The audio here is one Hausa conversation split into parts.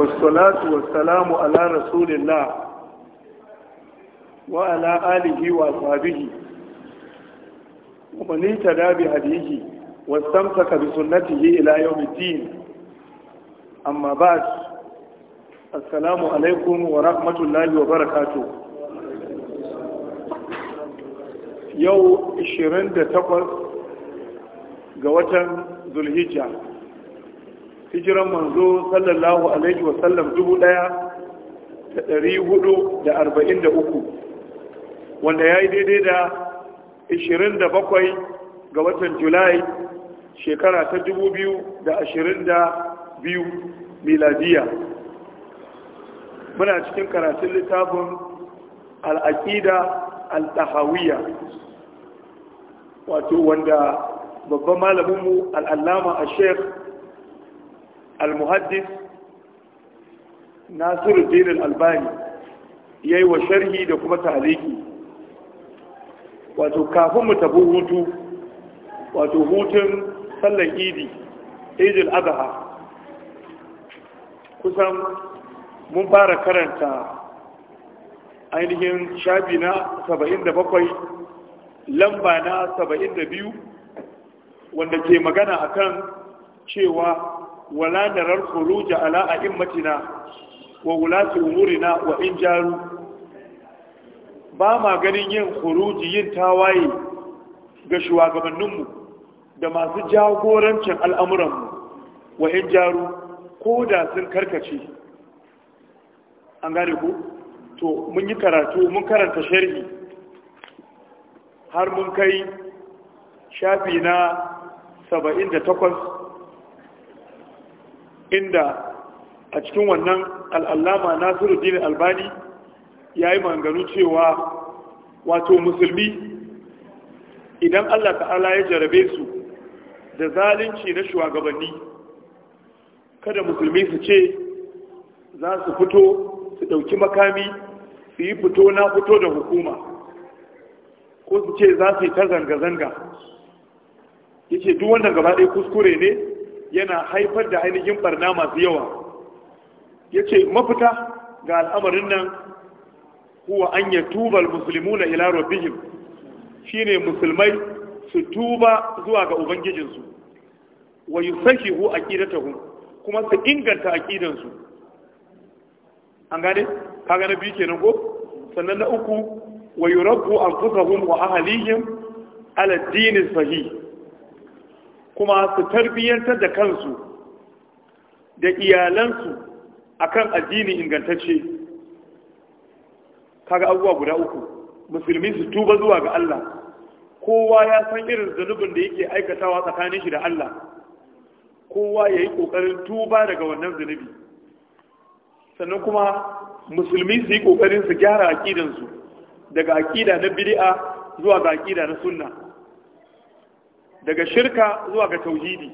wasu wasalamu ala rasulillah wa ala alihi wa sabihi wani ta dabi hadihi wasu bi sunnatihi ila yau amma ba su assalamu alaikun wa rahmatullahi wa barakatu yau 28 ga watan zulhijjah hijiran manzo sallallahu alaihi wasallam dubu ɗaya da ɗari hudu da arba'in da uku wanda ya yi daidai da ishirin da bakwai ga watan julai shekara ta dubu biyu da ashirin da biyu miladiya muna cikin karatun littafin al'aƙida al-tahawiyya wato wanda babban malaminmu al'allama a sheikh al-muhaddis nasiruddin al-albani yayi wa sharhi da kuma tahliki wato kafin mu tafi hutu wato hutun sallar idi idil adha kusan mun fara karanta ainihin shafi na 77 lamba na 72 wanda ke magana akan cewa wala narar khuruja ala a'immatina wa wulati umurina wa in jaru ba ma ganin yin khuruji yin tawaye ga shugabanninmu da masu jagorancin al'amuranmu wa in jaru ko da sun karkace an gane ku to mun yi karatu mun karanta sharhi har mun kai shafi na 78 inda a cikin wannan al'allama dini albani ya yi manganu cewa wato musulmi idan allah ta'ala ya jarabe su da zalunci na shugabanni kada musulmi su ce za su fito su ɗauki makami su yi fito na fito da hukuma ko su ce za su yi ta zanga-zanga ya ce duk wannan gaba ɗaya kuskure ne yana haifar da ainihin barna masu yawa ya ce mafita ga al'amarin nan kuwa an yi tubal musulmi na ilaro bihim shi ne musulmai su tuba zuwa ga ubangijinsu wa yi sashi hu hu kuma su inganta a ƙidansu an gane kaga na biyu kenan ko sannan na uku wa yi rabu an fusa hu wa ahalihim aladdinin sahih kuma su tarbiyyantar da kansu da iyalansu a kan addini ingantacce kaga abubuwa guda uku musulmi su tuba zuwa ga Allah kowa ya san irin zunubin da yake aikatawa tsakanin shi da Allah kowa ya yi ƙoƙarin tuba daga wannan zunubi sannan kuma musulmi su yi ƙoƙarin su gyara aƙidansu daga aƙida na bid'a zuwa ga aƙida na sunna daga shirka zuwa ga tauhidi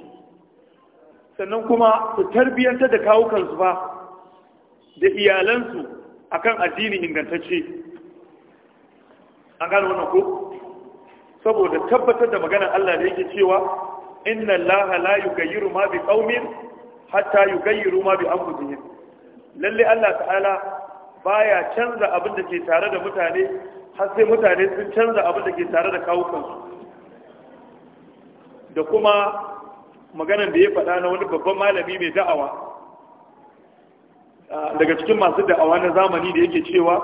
sannan kuma su tarbiyyantar da kawukansu ba da iyalansu a kan addini ingantacce an gano wannan ko saboda tabbatar da maganar Allah da yake cewa inna Allah la yugayiru ma bi qaumin hatta yugayiru ma bi anfusihim lalle Allah ta'ala baya canza abin da ke tare da mutane har sai mutane sun canza abin da ke tare da kawukansu da kuma maganar da ya faɗa na wani babban malami mai da'awa daga cikin masu da'awa na zamani da yake cewa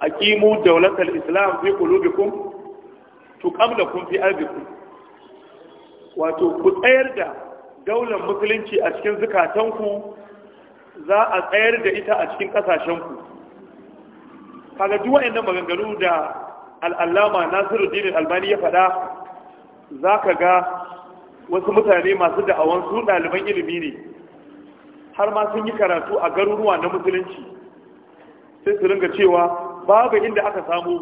aqimu dawlatal islam fi qulubikum da kun fi ardikum wato ku tsayar da daular musulunci a cikin zukatanku za a tsayar da ita a cikin kasashenku kaga duk wayannan maganganu da Nasiru dinin albani ya faɗa za ka ga wasu mutane masu da'awan su ɗaliban ilimi ne har ma sun yi karatu a garuruwa na musulunci sai su ringa cewa babu inda aka samu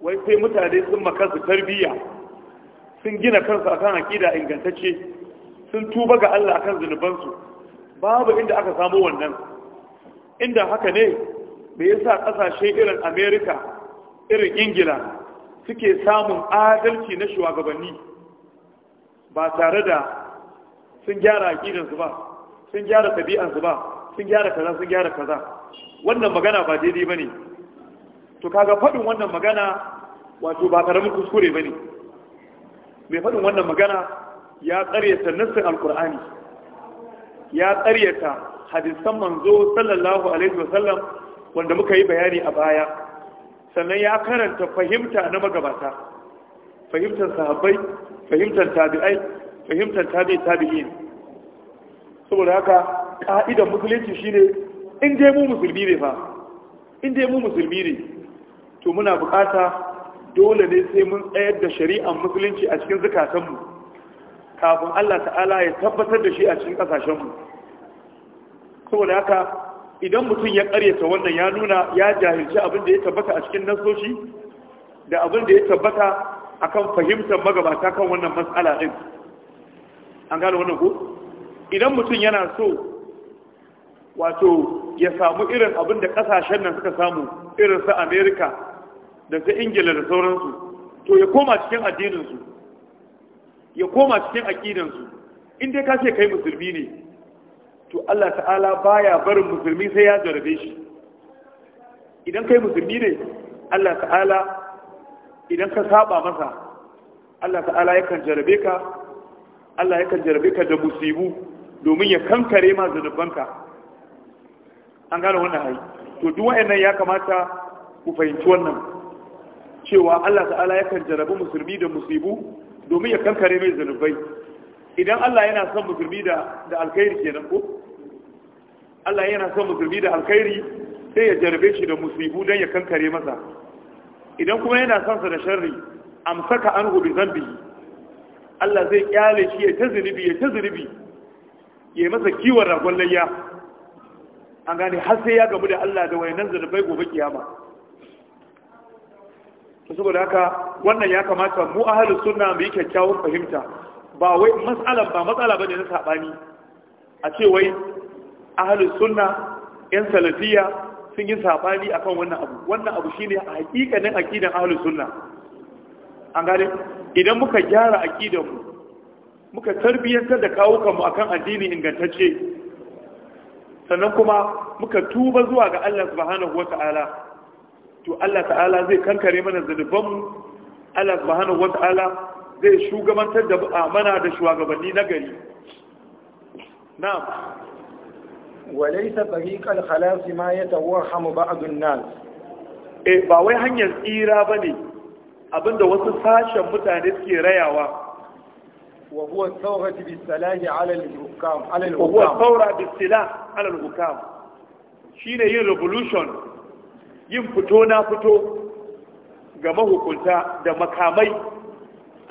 wai sai mutane sun makansu tarbiyya sun gina kansu akan aƙida ingantacce sun tuba ga Allah akan zunubansu babu inda aka samu wannan inda haka ne me yasa ƙasashe irin Amerika irin Ingila suke samun adalci na shugabanni ba tare da sun gyara aƙidansu ba sun gyara tabi'ansu ba sun gyara kaza sun gyara kaza wannan magana ba daidai ba ne to kaga faɗin wannan magana wato ba ƙaramin kuskure ba ne mai faɗin wannan magana ya ƙaryata nassin alƙur'ani ya ƙaryata hadisan manzo sallallahu alaihi wasallam wanda muka yi bayani a baya sannan ya karanta fahimta na magabata fahimtar sahabbai fahimtar tabi'ai fahimtar tabi'i tabi'in saboda haka ka'idan musulunci shine in dai mu musulmi ne fa in dai mu musulmi ne to muna bukata dole ne sai mun tsayar da shari'ar musulunci a cikin zukatanmu kafin Allah ta'ala ya tabbatar da shi a cikin kasashenmu saboda haka idan mutum ya karyata wannan ya nuna ya jahilci abin da ya tabbata a cikin nasoshi da abin da ya tabbata akan fahimtar magabata kan wannan matsala ɗin. an gane wannan ko idan mutum yana so wato ya samu irin abin da ƙasashen nan suka samu irin su Amerika da su ingila da sauransu to ya koma cikin addininsu ya koma cikin aƙidansu in dai ka ce kai musulmi ne to Allah ta'ala baya barin musulmi sai ya jarabe shi idan kai musulmi ne Allah ta'ala idan ka saba masa Allah ta'ala yakan jarabe ka Allah yakan jarabe ka da musibu domin ya kankare ma zanubanka an gane wannan hayi to duk wayannan ya kamata ku fahimci wannan cewa Allah ta'ala yakan jarabi musulmi da musibu domin ya kankare mai zanubai idan Allah yana son musulmi da da alkhairi kenan ko Allah yana son musulmi da alkhairi sai ya jarabe shi da musibu don ya kankare masa idan kuma yana son sa da sharri amsaka anhu bi zambi Allah zai kyale shi ya ta zunubi ya ta zunubi ya masa kiwon ragon layya an gane har sai ya gamu da Allah da wayannan zunubai gobe kiyama saboda haka wannan ya kamata mu ahlus sunna mu yi kyakkyawan fahimta ba wai mas'alan ba matsala bane na sabani a ce wai ahlus sunna yan salafiya sun yi sabani akan wannan abu wannan abu shine hakikanin aqidan ahlus sunna an gane idan muka gyara aqidan mu muka tarbiyyantar da kawukanmu akan addini ingantacce sannan kuma muka tuba zuwa ga Allah subhanahu wata'ala to Allah ta'ala zai kankare mana zanubanmu Allah subhanahu wata'ala zai shugabantar da mana da shugabanni na gari وليس طريق الخلاص ما يتوهم بعض الناس eh ba wai hanyar tsira bane abinda wasu sashen mutane suke rayawa wa huwa thawra bi salahi ala al-hukam ala al-hukam huwa thawra bi salah ala al-hukam shine yin revolution yin fito na fito ga mahukunta da makamai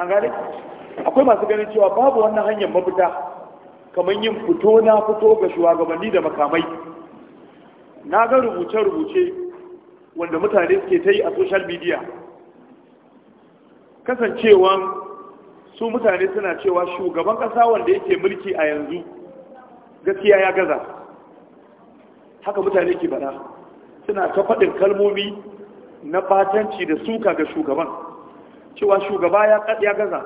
an gane akwai masu ganin cewa babu wannan hanyar mafita kamar yin fito na fito ga shugabanni da makamai na ga rubuce-rubuce wanda mutane suke ta yi a social media kasancewa su mutane suna cewa shugaban ƙasa wanda yake mulki a yanzu gaskiya ya gaza haka mutane ke bada suna ta faɗin kalmomi na batanci da suka ga shugaban cewa shugaba ya gaza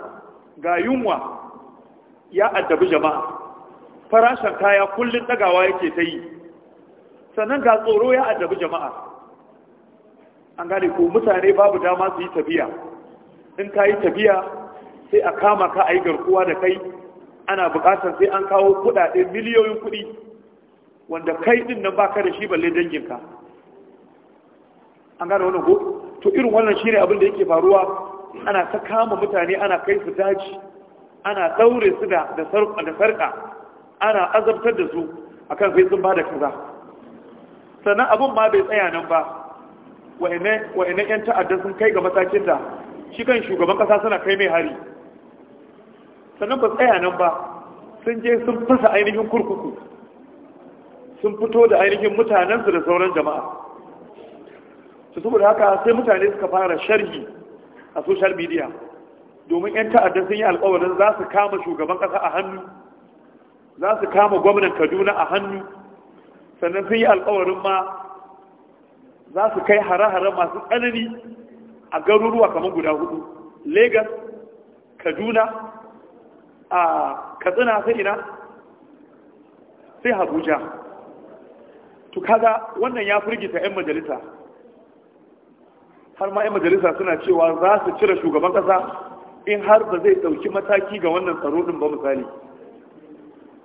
ga yunwa ya addabi jama'a farashin kaya kullum dagawa yake ta yi sannan ga tsoro ya addabi jama'a an gane ko mutane babu dama su yi tafiya in ka yi tafiya sai a kama ka a yi garkuwa da kai ana bukatar sai an kawo kudade miliyoyin kudi wanda kai din nan baka da shi balle danginka an gane wannan ko to irin wannan shine abin da yake faruwa ana ta kama mutane ana kai su daji ana daure su da sarka ana azabtar da su akan sai sun bada kaza sannan abin ma bai tsaya nan ba wa'ina 'yan ta'adda sun kai ga matakin da shi kan shugaban kasa suna kai mai hari sannan ba tsaya nan ba sun je sun fasa ainihin kurkuku sun fito da ainihin mutanensu da sauran jama'a su saboda haka sai mutane suka fara sharhi a social media domin 'yan ta'adda sun yi alkawarin za su kama shugaban kasa a hannu za su kama gwamnan kaduna a hannu sannan sun yi alkawarin ma za su kai hare-hare masu tsanani a garuruwa kamar guda hudu lagos kaduna a katsina sai ina sai abuja to kaga wannan ya furgita 'yan majalisa har ma 'yan majalisa suna cewa za su cire shugaban kasa in har ba zai ɗauki mataki ga wannan tsaro ɗin ba misali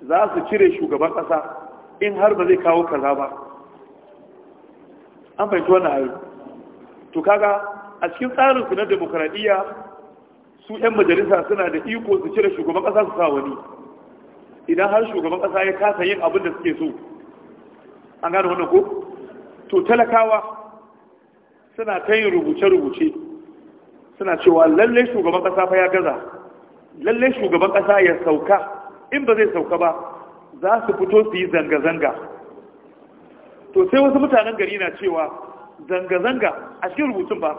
za su cire shugaban ƙasa in har ba zai kawo kaza ba an fahimci wannan ayi to kaga a cikin tsarin su na demokradiyya su 'yan majalisa suna da iko su cire shugaban ƙasa su sa wani idan har shugaban ƙasa ya kasa yin abin da suke so an gane wannan ko to talakawa suna ta yin rubuce-rubuce suna cewa lallai shugaban ƙasa fa ya gaza lallai shugaban ƙasa ya sauka in ba zai sauka ba za su fito su yi zanga-zanga to sai wasu mutanen gari na cewa zanga-zanga a cikin rubutun ba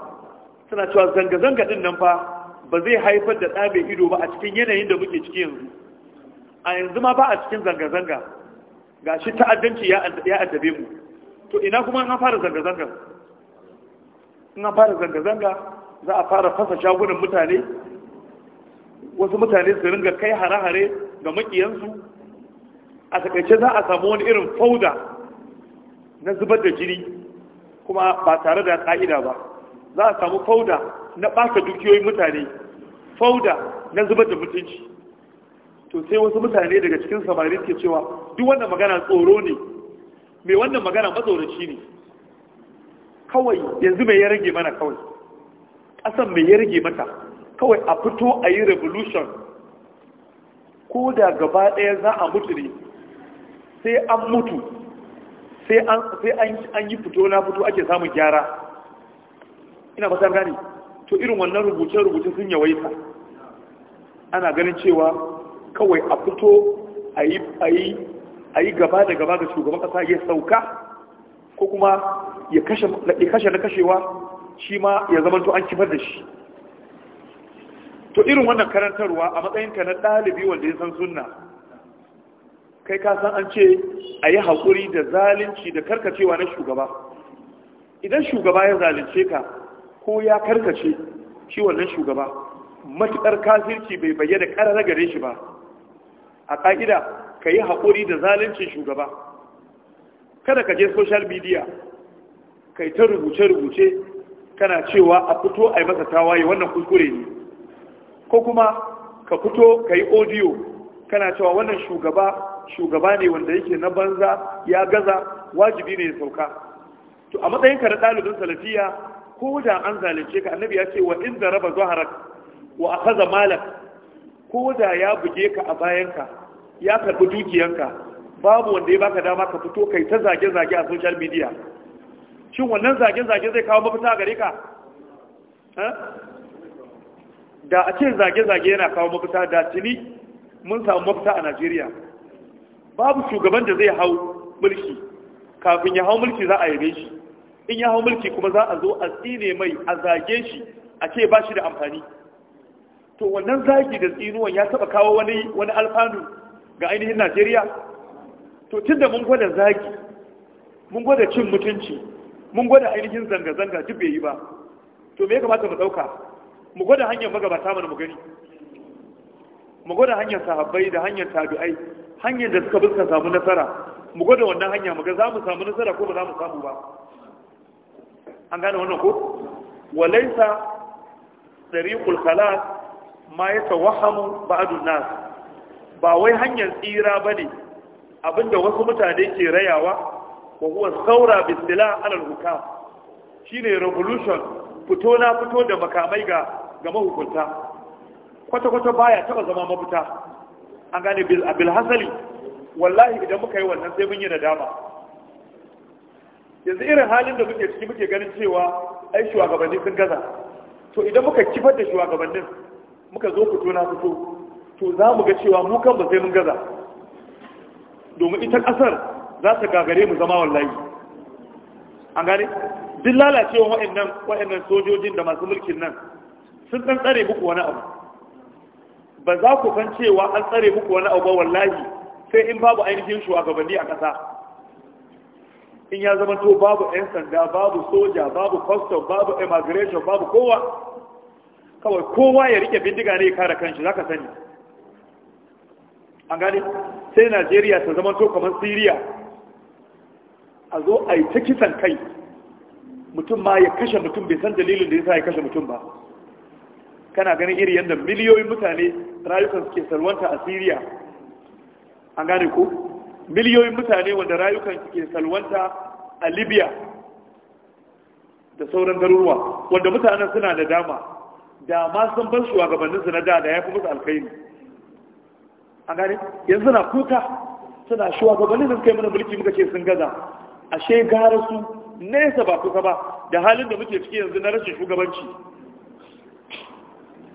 suna cewa zanga-zanga din nan fa ba zai haifar da ɗabe ido ba a cikin yanayin da muke ciki yanzu a yanzu ma ba a cikin zanga-zanga ga shi ta'addanci ya addabe mu to ina kuma an fara zanga-zanga in an fara zanga-zanga za a fara fasa shagunan mutane wasu mutane su ringa kai hare-hare ga makiyansu a takaice za a samu wani irin fauda na zubar da jini kuma ba tare da ka'ida ba za a samu fauda na ɓata dukiyoyin mutane fauda na zubar da mutunci to sai wasu mutane daga cikin samari ke cewa duk wannan magana tsoro ne mai wannan magana matsoraci ne kawai yanzu mai ya rage mana kawai ƙasan mai ya rage mata kawai a fito a yi revolution ko da gaba ɗaya za a mutu ne sai an mutu sai an yi fito na fito ake samun gyara ina fata gani to irin wannan rubuce-rubuce sun yawaita ana ganin cewa kawai a fito a yi gaba da gaba da shugaban kasa ya sauka ko kuma ya kashe na kashewa shi ma ya zamanto an kifar da shi to irin wannan karantarwa a matsayinka na ɗalibi wanda ya san sunna kai ka san an ce a yi haƙuri da zalunci da karkacewa na shugaba idan shugaba ya zalunce ka ko ya karkace shi wannan shugaba matuƙar kafirci bai bayyana ƙarar gare shi ba a ƙa'ida ka yi haƙuri da zalunci shugaba kada ka je social media kai ta rubuce-rubuce kana cewa a fito a yi masa tawaye wannan kuskure ne ko kuma ka fito ka yi audio kana cewa wannan shugaba shugaba ne wanda yake na banza ya gaza wajibi ne ya sauka to a matsayin ka na dalibin salafiya ko da an zalunce ka annabi ya ce wa in da raba zuharar wa a kaza malak ko da ya buge ka a bayanka ya karɓi dukiyanka babu wanda ya baka dama ka fito kai ta zage-zage a social media shin wannan zage-zage zai kawo mafita gare ka da a ce zage-zage yana kawo mafita da tuni mun samu mafita a najeriya babu shugaban da zai hau mulki kafin ya hau mulki za a yabe shi in ya hau mulki kuma za a zo a tsine mai a zage shi a ce ba shi da amfani to wannan zagi da tsinuwan ya taba kawo wani alfanu ga ainihin najeriya to tun da mun gwada zagi mun gwada cin mutunci mun gwada ainihin zanga-zanga duk bai yi ba to me ya kamata mu ɗauka mu gwada hanyar magabata mana mu gani mu gwada hanyar sahabbai da hanyar tabi'ai hanyar da suka fuska samu nasara mu gwada wannan hanya mu ga za mu samu nasara ko ba za mu samu ba an gane wannan ko walaisa tariqul khalas ma yatawahhamu ba'du nas ba wai hanyar tsira bane abinda wasu mutane ke rayawa wa huwa saura bisila alal hukam shine revolution fito na fito da makamai ga ga mahukunta kwata-kwata baya taba zama mafita an gane bil hasali wallahi idan muka yi wannan sai mun yi nadama yanzu irin halin da muke ciki muke ganin cewa ai shugabanni sun gaza to idan muka kifar da shugabannin muka zo fito na fito to za mu ga cewa mu kan ba sai mun gaza domin ita kasar za ta gagare mu zama wallahi an gane duk lalacewa wa'annan wa'annan sojojin da masu mulkin nan sun ɗan tsare muku wani abu ba za ku san cewa an tsare muku wani abu ba wallahi sai in babu ainihin shugabanni a ƙasa in ya zama to babu 'yan sanda babu soja babu custom babu immigration babu kowa kawai kowa ya rike bindiga ne ya kare kanshi za ka sani an gani sai najeriya ta zama to kamar siriya a zo a yi ta kisan kai mutum ma ya kashe mutum bai san dalilin da ya sa ya kashe mutum ba kana ganin iri yadda miliyoyin mutane rayukan suke salwanta a Siriya an gane ko miliyoyin mutane wanda rayukan suke salwanta a Libya da sauran garuruwa wanda mutanen suna da dama da ma sun bar shugabanninsu na da da ya fi musu alkaini an gane yanzu na kuka suna shugabannin da suka yi mana mulki muka ce sun gaza ashe gara su nesa ba kusa ba da halin da muke ciki yanzu na rashin shugabanci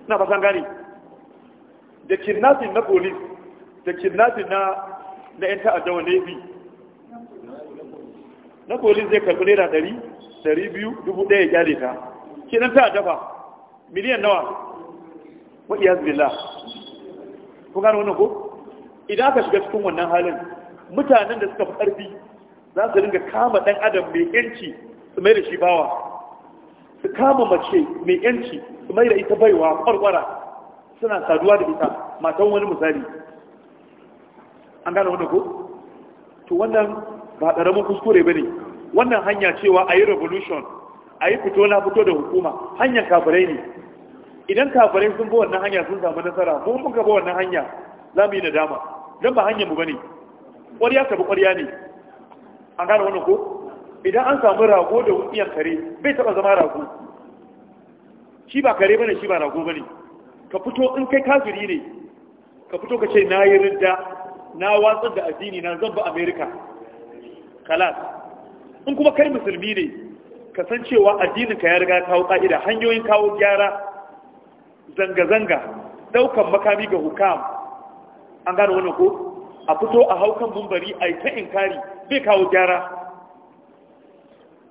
suna ba san gane da kidnapping na police da kidnapping na na a ta'adda wa navy na police zai karbi naira ɗari biyu dubu ɗaya ya gyale ta ke nan ta'adda ba miliyan nawa wa iyaz billah kun gane wannan ko idan aka shiga cikin wannan halin mutanen da suka fi ƙarfi za su ringa kama ɗan adam mai yanci su mai da shi bawa su kama mace mai yanci su mai da ita baiwa kwarkwara suna saduwa da ita matan wani misali an gane wannan ko to wannan ba ƙaramin kuskure ba ne wannan hanya cewa a yi revolution a yi fito na fito da hukuma hanyar kafirai ne idan kafirai sun bi wannan hanya sun samu nasara ko mun gaba wannan hanya za mu yi nadama don ba hanyar mu ba ne ƙwarya ta bi ƙwarya ne an gane wannan ko idan an samu rago da wutsiyan kare bai taba zama rago shi ba kare bane shi ba rago bane ka fito in kai kafiri ne ka fito ka ce na yi ridda na watsar da addini na zan ba america kalas in kuma kai musulmi ne ka san cewa addinin ka ya riga kawo ka'ida hanyoyin kawo gyara zanga-zanga daukan makami ga hukam an gano wani ko a fito a haukan bumbari a yi ta inkari bai kawo gyara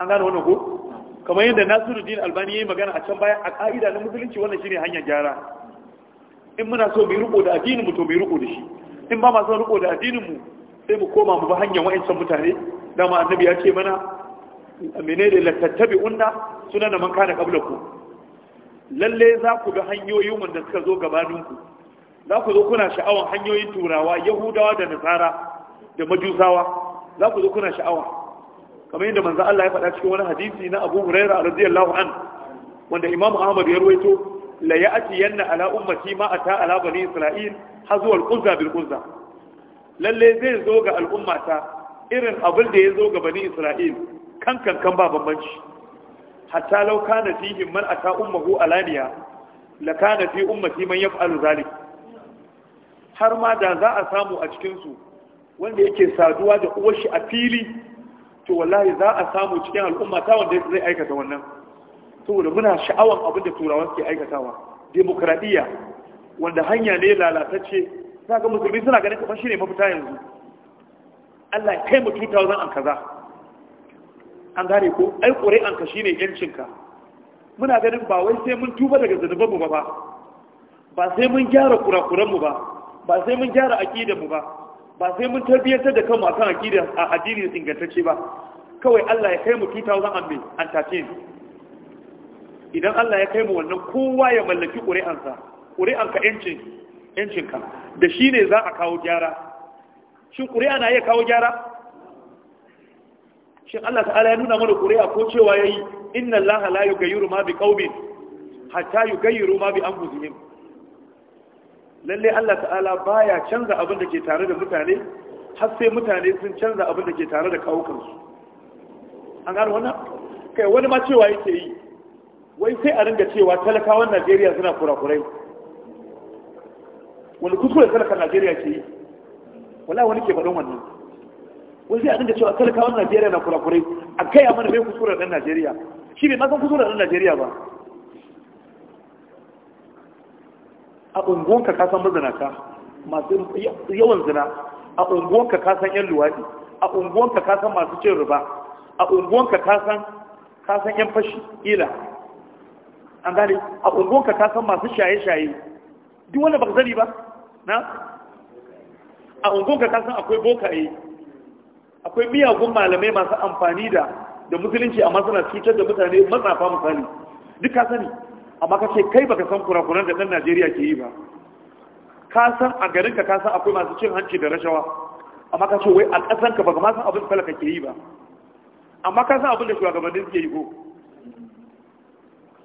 an gane wannan ko kamar yadda Nasiru nasiruddin albani ya yi magana a can baya a ka'ida na musulunci wannan shine hanyar gyara in muna so mu riko da addinin mu to mu riko da shi in ba ma riko da addinin mu sai mu koma mu ba hanyar wa'ancan mutane dama annabi ya ce mana menene la tattabi'unna sunan man kana ku. lalle za ku ga hanyoyin wanda suka zo gabaninku za ku zo kuna sha'awan hanyoyin turawa yahudawa da nasara da majusawa za ku zo kuna sha'awa kamar yadda manzo Allah ya faɗa cikin wani hadisi na Abu Huraira radiyallahu an wanda Imam Ahmad ya ruwaito la ya'ti yanna ala ummati ma ata ala bani Isra'il hazu al quzza bil quzza lalle zai zo ga al'ummata irin abin da ya zo ga bani Isra'il kan kan ba bambanci hatta law kana fihim man ata ummuhu alaniya la kana fi ummati man yaf'alu zalik har ma da za a samu a cikin su wanda yake saduwa da uwar shi a fili to wallahi za a samu cikin al'umma ta wanda zai aikata wannan saboda muna sha'awan abin da turawa suke aikatawa demokradiyya wanda hanya ne lalatacce za ga musulmi suna ganin kamar shine mafita yanzu Allah ya kai mu 2000 an kaza an gane ko ai ƙuri'an ka ne yancinka muna ganin ba wai sai mun tuba daga zanubanmu ba ba ba sai mun gyara kurakuranmu ba ba sai mun gyara aƙidanmu ba ba sai mun tarbiyyantar da kanmu akan akidar a addini ingantacce ba kawai Allah ya kai mu 2013 idan Allah ya kai mu wannan kowa ya mallaki ƙuri'ansa ƙuri'anka yancin yancinka da shi ne za a kawo gyara shin ƙuri'a na iya kawo gyara shin Allah ta'ala ya nuna mana ƙuri'a ko cewa yayi inna Allah la yughayyiru ma bi qaumin hatta yughayyiru ma bi anfusihim lalle Allah ta'ala baya canza abin da ke tare da mutane har sai mutane sun canza abin da ke tare da kawukansu an gano wannan kai wani ma cewa yake yi wai sai a ringa cewa talakawan Najeriya suna kurakurai wani kuskure talakan Najeriya ke yi wala wani ke faɗin wannan wai sai a ringa cewa talakawan Najeriya na kurakurai a kai a mana bai kuskure ɗan Najeriya shi bai ma san kuskure ɗan Najeriya ba a unguwanka ka san ka masu yawan zina a unguwanka ka san yan luwaɗi a unguwanka ka san masu cin riba a unguwanka ka san ka san yan fashi ila an gane a unguwanka ka san masu shaye-shaye duk wanda baka sani ba na a unguwanka ka san akwai bokaye akwai miyagun malamai masu amfani da da musulunci amma suna cutar da mutane matsafa misali duk ka sani amma ka ce kai baka san kurakuran da ɗan najeriya ke yi ba ka san a garinka ka san akwai masu cin hanci da rashawa amma ka ce wai a ƙasanka baka ma san abin da talaka ke yi ba amma ka san abin da shugabannin ke yi ko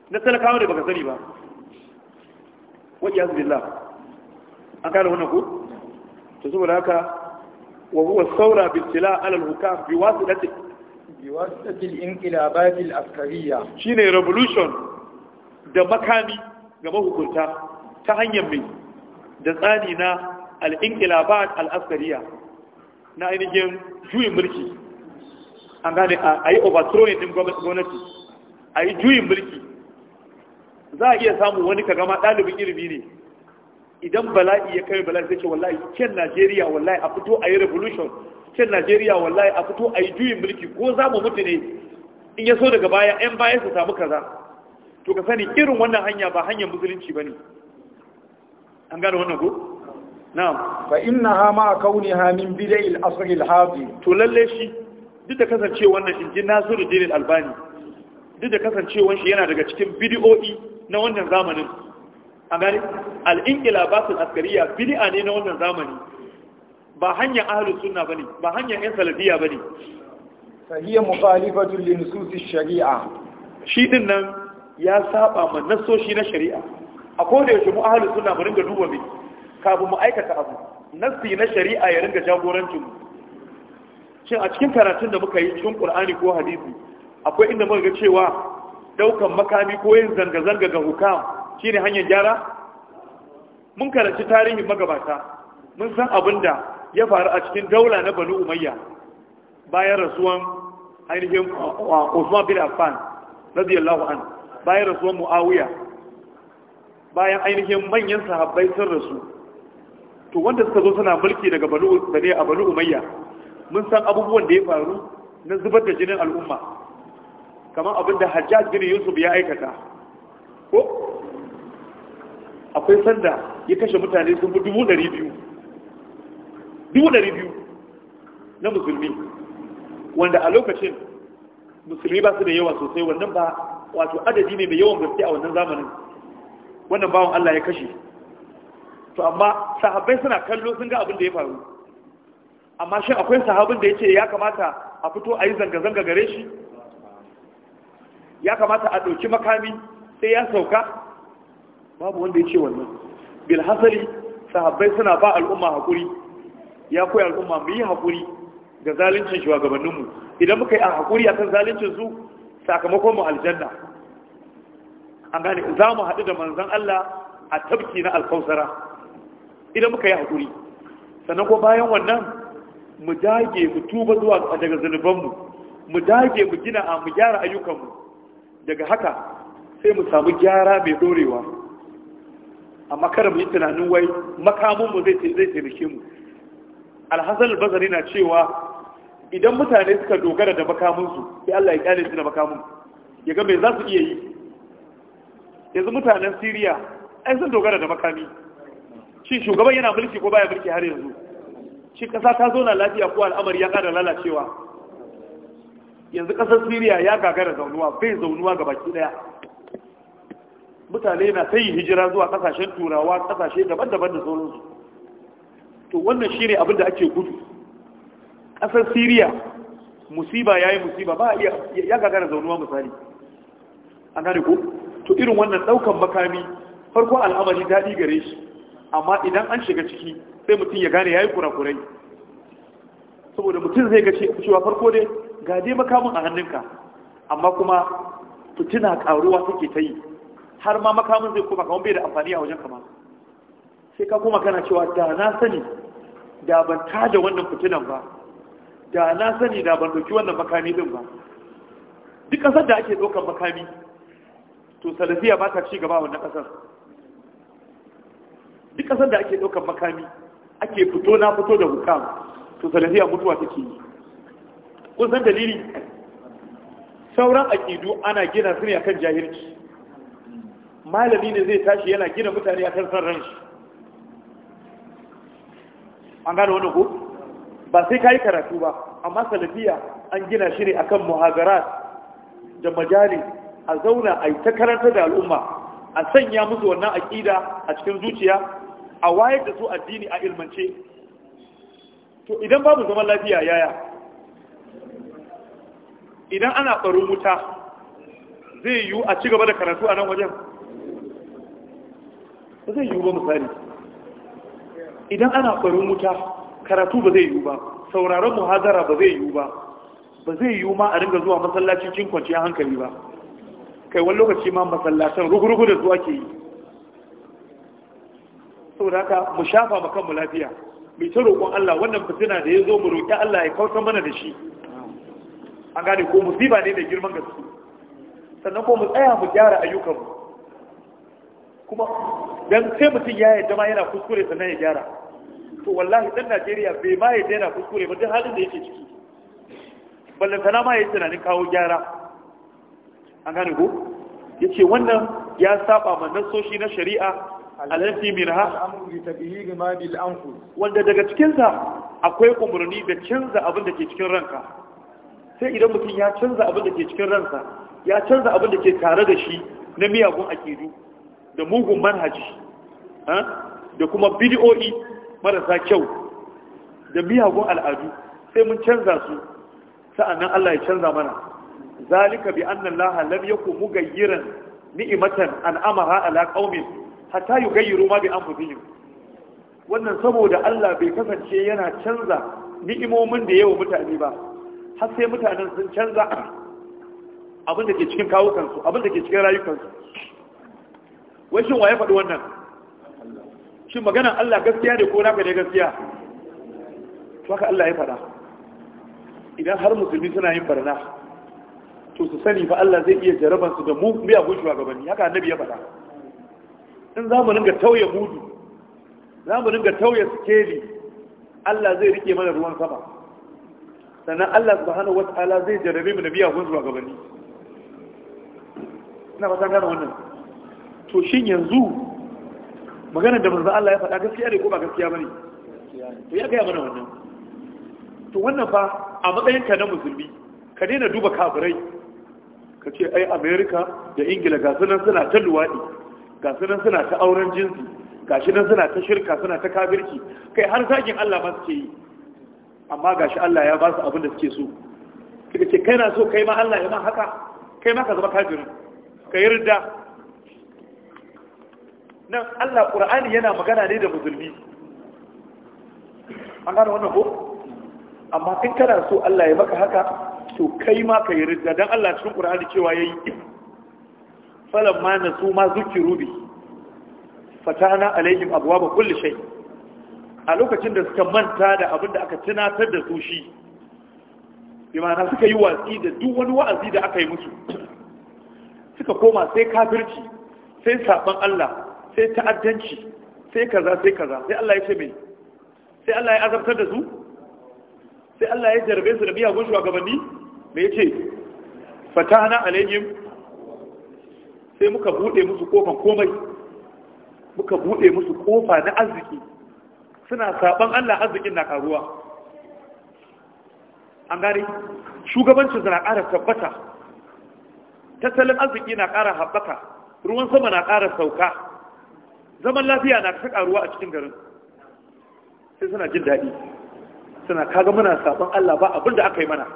na talakawa da baka sani ba wajen zilla an kada wannan ku to saboda haka wa huwa saura bil tila ala al hukam bi wasitati bi wasitati al inqilabat al askariyya shine revolution da makami ga mahukunta ta hanyar mai da tsani na al'inkilabat al'askariya na ainihin juyin mulki an gane a yi overthrowing din gwamnati a yi juyin mulki za a iya samu wani ka gama ɗalibin ilimi ne idan bala'i ya kai bala'i zai ce wallahi kyan najeriya wallahi a fito a yi revolution kyan najeriya wallahi a fito a yi juyin mulki ko za mu mutu ne in ya so daga baya 'yan baya su samu kaza to ka sani irin wannan hanya ba hanyar musulunci ba ne an gane wannan ko? na'am fa inna ha ma ha min bid'il asirin hadi to lalle shi duk da kasance wannan da Nasiruddin Albani duk da kasancewan shi yana daga cikin bidiyoyi na wannan zamanin an gane ba su askariya bid'a ne na wannan zamani ba hanyar suna ba ne. ba hanyar yan salafiya bane fa hiya mukhalifatun li shari'a shi din nan ya saba ma nassoshi na shari'a a da yaushe mu ahlus sunna mu ringa duba me kafin mu aikata abu nassi na shari'a ya ringa jagorancin mu shin a cikin karatun da muka yi cikin qur'ani ko hadisi akwai inda muka ga cewa daukan makami ko yin zanga zanga ga hukam shine hanyar gyara mun karanci tarihin magabata mun san abin da ya faru a cikin daula na banu umayya bayan rasuwan ainihin Usman bin Affan radiyallahu anhu bayan rasuwan mu'awiya bayan ainihin manyan sahabbai sun rasu to wanda suka zo suna mulki daga bani a umayya mun san abubuwan da ya faru na zubar da jinin al'umma kamar abin da hajjaj bin yusuf ya aikata ko akwai sanda ya kashe mutane sun fi dubu dubu ɗari biyu na musulmi wanda a lokacin musulmi ba su da yawa sosai wannan ba wato adadi ne mai yawan gaske a wannan zamanin wannan bawan Allah ya kashe to amma sahabbai suna kallo sun ga abin da ya faru amma shin akwai sahabin da ya ya kamata a fito a yi zanga-zanga gare shi ya kamata a ɗauki makami sai ya sauka babu wanda ya ce wannan bilhassari sahabbai suna ba al'umma haƙuri ya koya al'umma mu yi haƙuri ga zalincin shugabanninmu idan muka yi a haƙuri akan zalincin su sakamakon mu aljanna an gane za mu haɗu da manzan Allah a tabki na alkausara idan muka yi haƙuri sannan ko bayan wannan mu dage mu tuba zuwa daga zunubanmu mu dage mu gina a mu gyara ayyukanmu daga haka sai mu samu gyara mai ɗorewa. amma kada mu yi tunanin wai makamunmu zai taimake mu alhassan albazari na cewa idan mutane suka dogara da makamunsu sai Allah ya kyale su da makamun, ya ga me za su iya yi yanzu mutanen Siriya ai sun dogara da makami shi shugaban yana mulki ko baya mulki har yanzu shi kasa ta zo na lafiya ko al'amari ya ƙara lalacewa yanzu ƙasar Siriya ya gagara zaunuwa bai zaunuwa ga baki daya mutane na sai hijira zuwa kasashen turawa kasashe daban-daban da sauransu to wannan shine abin da ake gudu ƙasar siriya musiba ya yi musiba ba ya gagara zaunuwa misali A gane ku to irin wannan ɗaukan makami farkon al'amari daɗi gare shi amma idan an shiga ciki sai mutum ya gane ya yi kurakurai saboda mutum zai gace cewa farko dai gade makamin a hannunka amma kuma tutuna karuwa take ta yi har ma makamin zai koma kawon bai da amfani a wajen kama sai ka kuma kana cewa da na sani da ban tada wannan fitinan ba da na sani da ban ɗauki wannan makami din ba duk kasar da ake ɗaukar makami to salafiya ba ta ci gaba wannan ƙasar duk kasar da ake ɗaukar makami ake fito na fito da hukam to salafiya mutuwa take yi kun san dalili sauran aƙidu ana gina su ne akan jahilci malami ne zai tashi yana gina mutane akan san ran shi an gane wannan ko ba sai ka yi karatu ba amma salafiya an gina shi ne akan muhazarat da majali a zauna a yi ta karanta da al'umma a sanya musu wannan aƙida a cikin zuciya a wayar da su addini a ilmance to idan babu zaman lafiya yaya idan ana ɓarin wuta zai yiwu a ci gaba da karatu a nan wajen zai yiwu ba misali idan ana ɓarin wuta karatu ba zai yiwu ba sauraron muhazara ba zai yiwu ba ba zai yiwu ma a ringa zuwa masallacin cin kwanciyar hankali ba kai wani lokaci ma masallacin rugurugu da zuwa ke yi Sau da aka, mu shafa ma kanmu lafiya mai ta roƙon Allah wannan fitina da ya zo mu roƙi Allah ya kauta mana da shi an gane ko musiba ne da girman gaske sannan ko mu tsaya mu gyara ayyukanmu kuma dan sai mutum ya yi ma yana kuskure sannan ya gyara to wallahi dan Najeriya bai ma yadda daina kuskure ba duk halin da yake ciki ballantana ma ya tunanin kawo gyara an gane ko yace wannan ya saba ma nasoshi na shari'a alati minha wanda daga cikin sa akwai kumburni da canza abin da ke cikin ranka sai idan mutum ya canza abin da ke cikin ransa ya canza abin da ke tare da shi na miyagun akidu da mugun manhaji da kuma bid'o'i. marasa kyau da miyagun al'adu sai mun canza su sa'annan Allah ya canza mana zalika bi anna Allah lam yaku mugayyiran ni'matan an'amaha ala qaumin hatta yugayyiru ma bi anfusihim wannan saboda Allah bai kasance yana canza ni'imomin da yawa mutane ba har sai mutanen sun canza abin da ke cikin kawukansu abin da ke cikin rayukansu wai shin waye faɗi wannan shi magana Allah gaskiya ne ko naka ne gaskiya to haka Allah ya faɗa idan har musulmi suna yin barna to su sani fa Allah zai iya jarabansu su da mu biya gun shugabanni haka annabi ya faɗa in za mu ringa tauye mudu za mu ringa tauye sikeli Allah zai rike mana ruwan sama sannan Allah subhanahu wataala zai jarabe mu na biya gun shugabanni ina ba ta gane wannan to shin yanzu maganar da manzo Allah ya faɗa gaskiya ne ko ba gaskiya bane to ya gaya mana wannan to wannan fa a matsayin ka na musulmi ka daina duba kafirai ka ce ai America da Ingila ga sunan suna ta luwadi ga sunan suna ta auren jinsi gashi nan suna ta shirka suna ta kafirci kai har zagin Allah ma ke yi amma gashi Allah ya ba su abin da suke so kika ce kai na so kai ma Allah ya ma haka kai ma ka zama kafirin ka yarda nan Allah Qur'ani yana magana ne da musulmi an gano wannan ko amma in kana so Allah ya maka haka to kai ma ka yi ridda dan Allah cikin Qur'ani cewa ya yayi falan ma na su ma zuki rubi fatana alaihim ba kulle shay a lokacin da suka manta da abin da aka tunatar da su shi bi ma'ana suka yi watsi da duk wani wa'azi da aka yi musu suka koma sai kafirci sai saban Allah sai ta'addanci sai kaza sai kaza sai Allah ya ce mai sai Allah ya azabtar da su sai Allah ya jarbe su da miyagun shugabanni mai ce fatana alayhim sai muka bude musu kofan komai muka bude musu kofa na arziki suna saban Allah arzikin na karuwa an gari shugabancin na ƙara tabbata tattalin arziki na ƙara haɓaka ruwan sama na ƙara sauka zaman lafiya na ta karuwa a cikin garin sai suna jin daɗi suna kaga muna sabon Allah ba abin da aka yi mana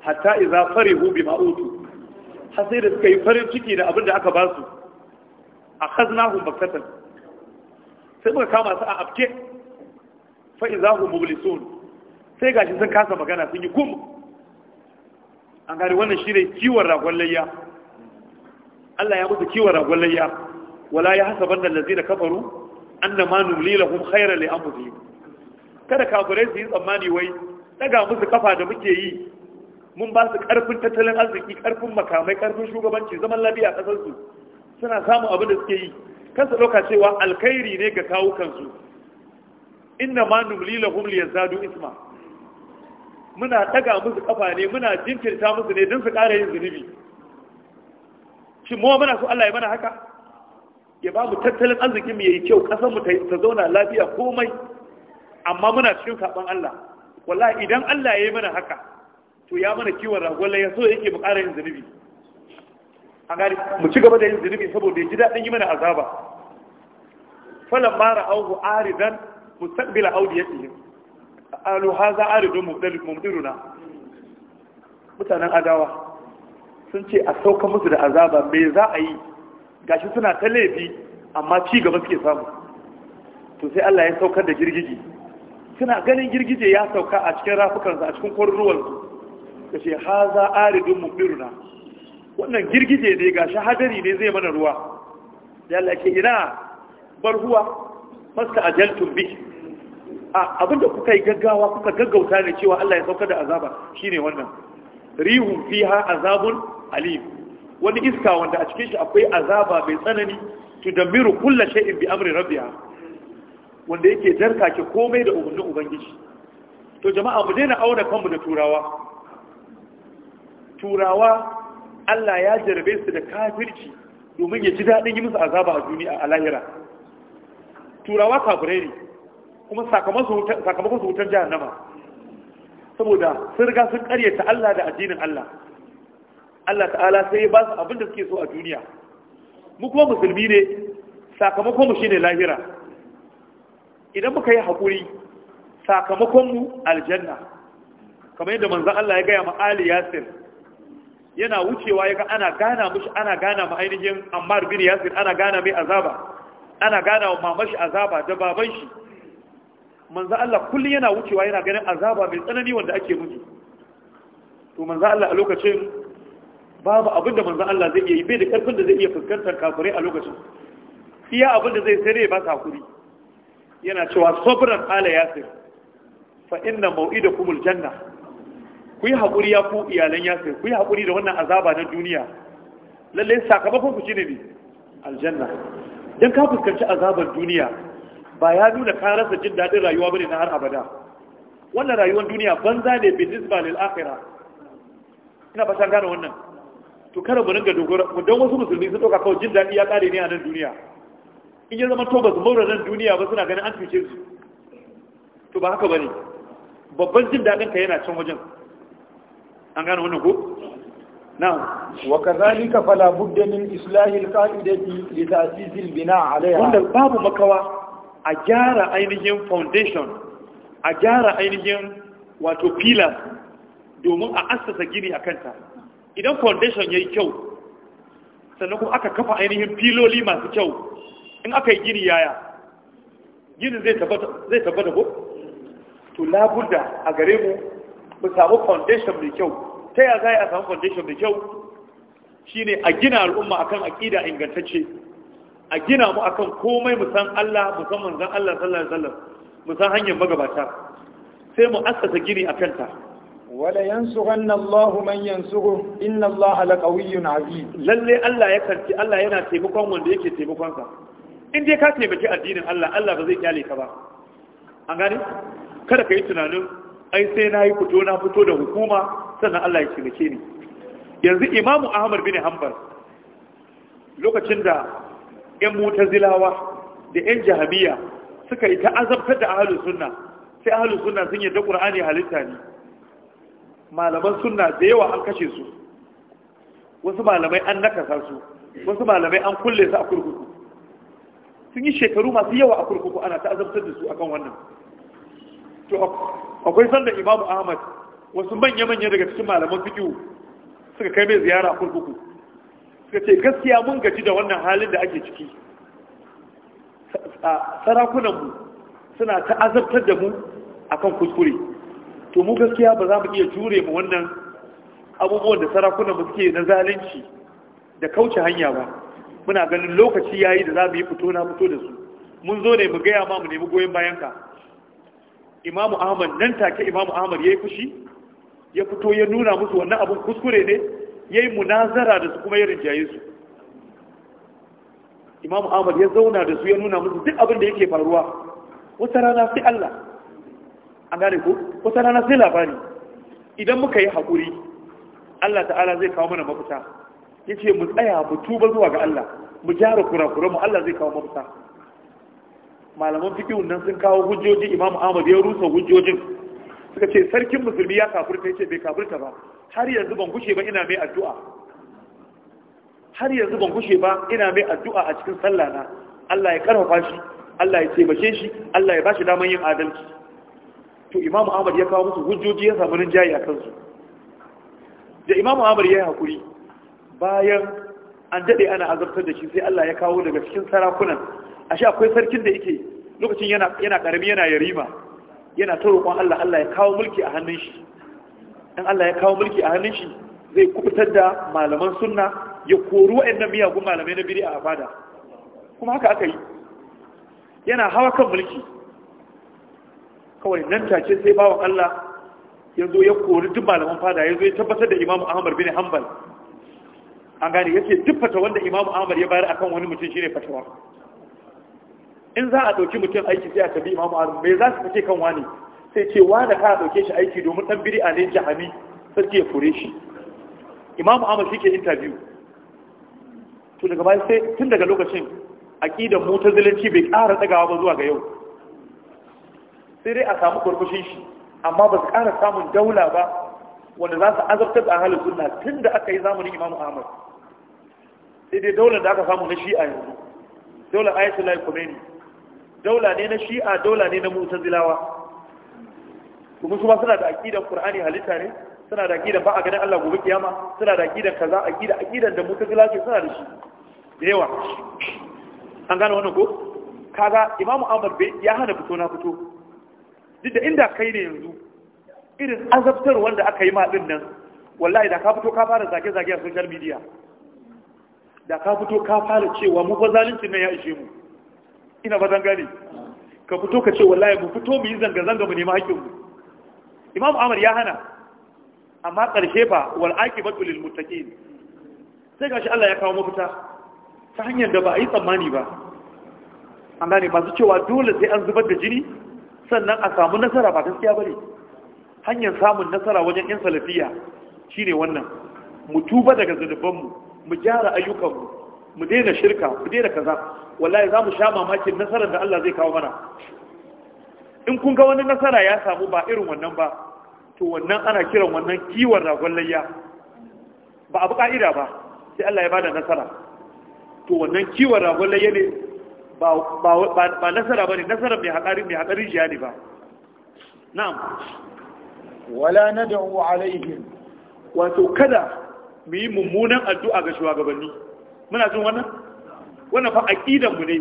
hatta iza farihu hubi ma'utu har sai da suka yi farin ciki da abin da aka ba su akhaznahum bakkatan sai muka kama su a afke fa iza mublisun sai gashi sun kasa magana sun yi kum an gari wannan shi ne kiwon ragon layya Allah ya mutu kiwon ragon layya wala ya hasaban da da kafaru anna ma numli lahum khayra li anfusihim kada kafirai su yi tsammani wai daga musu kafa da muke yi mun ba su karfin tattalin arziki karfin makamai karfin shugabanci zaman lafiya a kasar su suna samun abin da suke yi kansa dauka cewa alkhairi ne ga kawo kansu inna ma numli ya liyazdadu isma muna daga musu kafa ne muna jinkirta musu ne don su ƙara yin zunubi shi mu muna so Allah ya mana haka ya ba mu tattalin arziki mu yayi kyau kasar mu ta zauna lafiya komai amma muna cikin saban Allah wallahi idan Allah ya yi mana haka to ya mana kiwon ragon ya so yake mu ƙara yin zunubi a gari mu ci gaba da yin zunubi saboda ya ji daɗin yi mana azaba falan mara auhu aridan mustaqbila audiyatihim alu haza aridun mubdalif mumdiruna mutanen adawa sun ce a sauka musu da azaba me za a yi gashi suna ta laifi amma ci gaba suke samu to sai Allah ya saukar da girgije suna ganin girgije ya sauka a cikin rafukansu a cikin kwarruwan da ce ha za aridun mubiruna wannan girgije ne gashi hadari ne zai mana ruwa da Allah ke ina bar huwa fasta ajaltum bi a abinda kuka yi gaggawa kuka gaggauta ne cewa Allah ya saukar da azaba shine wannan Rihu fiha azabun alim wani iska wanda a cikin shi akwai azaba mai tsanani to da miru kulla shay'in bi amri rabbiha wanda yake jarka ke komai da umarnin ubangiji to jama'a mu daina auna kanmu da turawa turawa Allah ya jarbe su da kafirci domin ya ji daɗin yi musu azaba a duniya a lahira turawa kafirai ne kuma sakamakon su wutar jahannama saboda sun sun karyata Allah da addinin Allah Allah ta'ala sai ya ba su abin da suke so a duniya mu kuma musulmi ne sakamakon mu shine lahira idan muka yi haƙuri sakamakon mu aljanna kamar yadda manzon Allah ya gaya ma Ali Yasir yana wucewa ya ana gana mishi ana gana ma ainihin Ammar bin Yasir ana gana mai azaba ana gana wa mamashi azaba da baban shi manzo Allah kullum yana wucewa yana ganin azaba mai tsanani wanda ake mutu. to manzo Allah a lokacin babu abin da manzan Allah zai iya yi bai da karfin da zai iya fuskantar kafirai a lokacin iya abin da zai sere ba ta kuri yana cewa sabran ala yasir fa inna mau'idakum janna ku yi hakuri ya ku iyalan yasir ku yi hakuri da wannan azaba na duniya lalle sakamakon ku shine ne aljanna dan ka fuskanci azabar duniya ba ya nuna ka rasa jin daɗin rayuwa bane na har abada wannan rayuwar duniya banza ne bi nisba lil akhirah ina ba san gane wannan to kada mu ringa dogara dan wasu musulmi su ɗauka kawai jin daɗi ya ƙare ne a nan duniya in ya zama to ba su maura nan duniya ba suna ganin an cuce su to ba haka ba ne babban jin dadin ka yana can wajen an gane wannan ko budda min islahil qa'idati li إصلاح القاعدة لتأسيس Wannan babu makawa a gyara ainihin foundation a gyara ainihin wato pillar domin a assasa gini a kanta idan foundation ya yi kyau sannan kuma aka kafa ainihin filoli masu kyau in aka yi gini yaya Gini zai tabbata ko? to labuda a gare mu mu samu foundation mai kyau ta ya za a samu foundation mai kyau Shi ne a gina al'umma akan aƙida ingantacce a gina mu akan komai mu san Allah musamman zan Allah sallallahu alaihi wasallam mu san hanyar magabata sai mu asasa gini a kanta wala ganna Allahu man yansuru inna Allah laqawiyyun azim lalle Allah ya karci Allah yana taimakon wanda yake taimakon sa in dai ka taimaki addinin Allah Allah ba zai kyale ka ba an gane kada ka yi tunanin ai sai na yi fito na fito da hukuma sannan Allah ya taimake ni yanzu Imam Ahmad bin Hanbal lokacin da ƴan mutazilawa da ƴan jahabiyya suka yi ta azabtar da ahlus sunna sai ahlus sunna sun yi da Qur'ani halitta ne malaman sunna da yawa an kashe su wasu malamai an nakasa su wasu malamai an kulle su a kurkuku sun yi shekaru masu yawa a kurkuku ana ta'azabtar da su akan wannan to akwai sanda imamu ahmad wasu manya-manya daga cikin malaman fikiyu suka kai mai ziyara a kurkuku suka ce gaskiya mun gaji da wannan halin da ake ciki sarakunanmu suna ta azabtar da mu akan kuskure to mu gaskiya ba za mu iya jure mu wannan abubuwan da sarakuna mu suke na zalunci da kauce hanya ba muna ganin lokaci yayi da za mu yi fito na fito da su mun zo ne mu gaya ma mu nemi goyon bayan ka imamu ahmad nan take imamu ahmad yayi fushi ya fito ya nuna musu wannan abun kuskure ne yayi munazara da su kuma ya rinjaye su imamu ahmad ya zauna da su ya nuna musu duk abin da yake faruwa wata rana sai Allah an gane ko wata rana sai labari idan muka yi haƙuri Allah ta'ala zai kawo mana mafita ya ce mu tsaya mu tuba zuwa ga Allah mu gyara kura mu Allah zai kawo mafita malaman fikihun nan sun kawo hujjoji Imam Ahmad ya rusa hujjojin suka ce sarkin musulmi ya ya ce bai kafurta ba har yanzu ban gushe ba ina mai addu'a har yanzu ban gushe ba ina mai addu'a a cikin sallah na Allah ya karfafa shi Allah ya taimake shi Allah ya bashi daman yin adalci to imamu ahmad ya kawo musu hujjoji ya samu rinjaye a kansu da imamu ahmad ya yi hakuri bayan an daɗe ana azabtar da shi sai Allah ya kawo daga cikin sarakunan ashe akwai sarkin da yake lokacin yana yana yana yarima yana ta roƙon Allah Allah ya kawo mulki a hannun shi dan Allah ya kawo mulki a hannun shi zai kubutar da malaman sunna ya kori waɗannan miyagun malamai na biri a abada. kuma haka aka yi yana hawa kan mulki kawai nan take sai bawa Allah ya zo ya kori duk malaman fada ya zo ya tabbatar da imamu ahmad bin hanbal an gane yace duk fata wanda imamu ahmad ya bayar akan wani mutum shine fatawa in za a ɗauki mutum aiki sai a tabi imamu ahmad me za su fice kan wani sai ce da ka ɗauke shi aiki domin ɗan biri a ne jahami sarki ya kore shi imamu ahmad shi ke interview to daga bayan sai tun daga lokacin aqidar mutazilanci bai ƙara ɗagawa ba zuwa ga yau sai dai a samu gurgushin shi amma ba su ƙara samun daula ba wanda za su azabtar da ahalin sunna tun da aka yi zamanin imamu ahmad sai dai daular da aka samu na shi'a yanzu daular ayatollah khomeini daula ne na shi'a daula ne na Zilawa. kuma su ba suna da aqidan qur'ani halitta ne suna da aƙidan ba a ganin Allah gobe kiyama suna da aƙidan kaza aqida aƙidan da zilawa ke suna da shi da yawa an gane wannan ko kaga imamu ahmad bai ya hana fito na fito duk da inda kai ne yanzu irin azabtar wanda aka yi maɗin nan wallahi da ka fito ka fara zage-zage a social media da ka fito ka fara cewa mu fa zalunci nan ya ishe mu ina ba zan gane ka fito ka ce wallahi mu fito mu yi zanga-zanga mu hakkin mu imam amar ya hana amma karshe ba wal aqibatu lil muttaqin sai gashi Allah ya kawo mafita ta hanyar da ba a yi tsammani ba an gane masu cewa dole sai an zubar da jini sannan a samu nasara ba gaskiya bane hanyar samun nasara wajen yan salafiya shine wannan mu tuba daga zunubanmu mu gyara ayyukanmu mu daina shirka mu daina kaza wallahi za mu sha mamakin nasara da Allah zai kawo mana in kun ga wani nasara ya samu ba irin wannan ba to wannan ana kiran wannan kiwon ragon layya ba abu ka'ida ba sai Allah ya bada nasara to wannan kiwon ragon layya ne ba nasara ba ne nasara mai haƙari mai haƙari jiya ne ba na'am wala na da wa alaihim wato kada mu yi mummunan addu'a ga shugabanni muna jin wannan wannan fa aqidanmu ne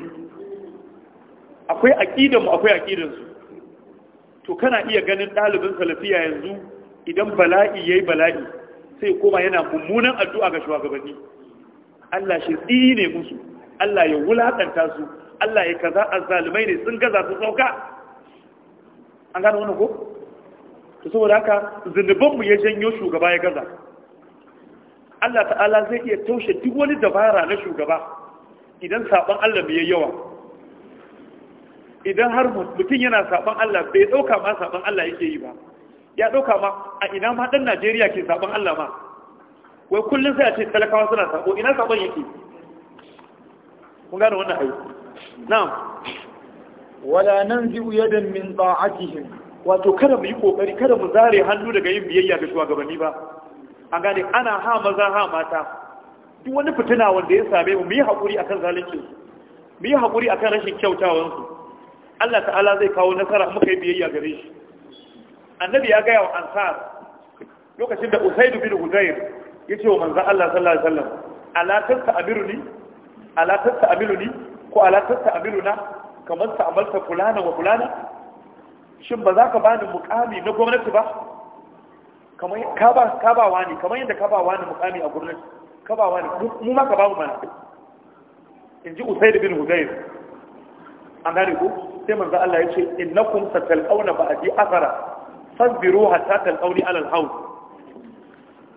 akwai aqidanmu akwai aqidansu to kana iya ganin ɗalibin salafiya yanzu idan bala'i yayi bala'i sai koma yana mummunan addu'a ga shugabanni Allah shi ne musu Allah ya wulakanta su Allah ya kaza a zalumai ne sun gaza su sauka an gano wannan ko ta saboda haka zunubanmu ya janyo shugaba ya gaza Allah ta'ala zai iya taushe duk wani dabara na shugaba idan saɓon Allah mai yawa idan har mutum yana saɓon Allah bai ɗauka ma saɓon Allah yake yi ba ya ɗauka ma a ina ma ɗan Najeriya ke saɓon Allah ma wai kullum sai a ce talakawa suna saɓo ina saɓon yake kun gano wannan aiki na'am wala nanzi'u yadan min ta'atihim wato kada mu yi kokari kada mu zare hannu daga yin biyayya da shugabanni ba an gane ana ha maza ha mata duk wani fitina wanda ya same mu mu yi hakuri akan zalunci mu yi hakuri akan rashin kyautawansu Allah ta'ala zai kawo nasara muka yi biyayya gare shi annabi ya gaya wa ansar lokacin da usaid bin hudayr ya ce wa manzon Allah sallallahu alaihi wasallam ala tasta ala tasta ko alatar ta'amiluna kamar ta ta'amalta fulana wa fulana shin ba za ka bani mukami na gwamnati ba kamar ka ba ka ba wani kamar yadda ka ba wani mukami a gwamnati ka ba wani mu ma ka ba mu mana in ji usaid bin hudayr an gane ko sai manzo Allah ya ce innakum satalqawna ba'di athara fasbiru hatta talqawni ala al-hawl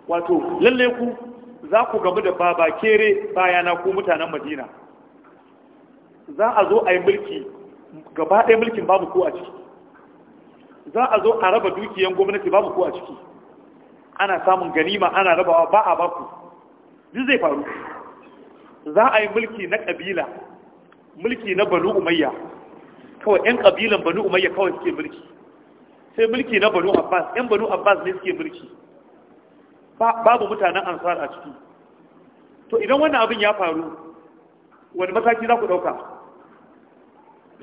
wato lalle ku za ku gamu da babakere bayana ku mutanen Madina za a zo a yi mulki gaba ɗaya mulkin babu ko a ciki za a zo a raba dukiyan gwamnati babu ko a ciki ana samun ganima ana rabawa ba a baku duk zai faru za a yi mulki na ƙabila mulki na banu umayya kawai 'yan ƙabilan banu umayya kawai suke mulki sai mulki na banu abbas 'yan banu abbas ne suke mulki babu mutanen ansar a ciki to idan wannan abin ya faru wani mataki za ku ɗauka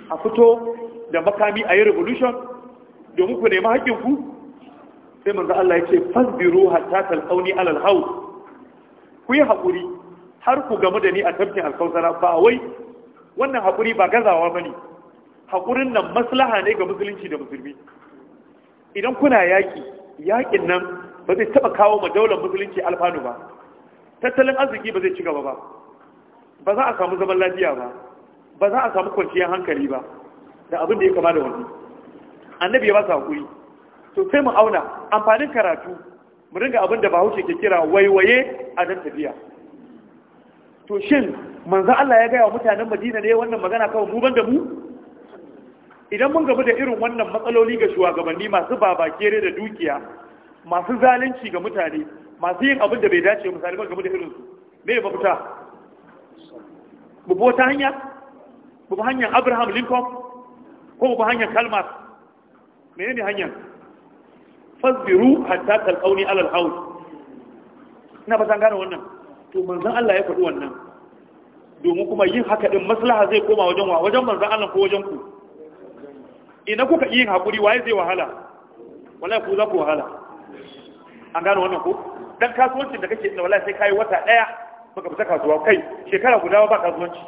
a fito da makami a yi revolution domin ku nemi haƙƙinku sai manzo Allah ya ce fasbiru hatta talqauni alal haus ku yi haƙuri har ku gamu da ni a tafkin alkausara ba wai wannan hakuri ba gazawa bane haƙurin nan maslaha ne ga musulunci da musulmi idan kuna yaki yaƙin nan ba zai taɓa kawo ma daular musulunci alfanu ba tattalin arziki ba zai ci gaba ba ba za a samu zaman lafiya ba ba za a samu kwanciyar hankali ba da abin da ya kama da wani annabi ya ba su haƙuri. to sai mu auna amfanin karatu mu ringa abin da bahaushe ke kira waiwaye a dan tafiya to shin manzo Allah ya gaya wa mutanen Madina ne wannan magana kawai mu banda mu idan mun gabu da irin wannan matsaloli ga shugabanni masu babakere da dukiya masu zalunci ga mutane masu yin abin da bai dace misali ga gabu da irin su me mafita mu bota hanya ba hanyar abraham lincoln ko ba hanyar kalmar mene ne hanyar fasbiru hatta talqauni alal haul ina ba san gane wannan to manzon Allah ya faɗi wannan domin kuma yin haka din maslaha zai koma wajen wa wajen manzon Allah ko wajen ku ina kuka yin hakuri waye zai wahala wallahi ku za ku wahala an gane wannan ko dan kasuwancin da kake wallahi sai kai wata daya baka fita kasuwa kai shekara guda ba kasuwanci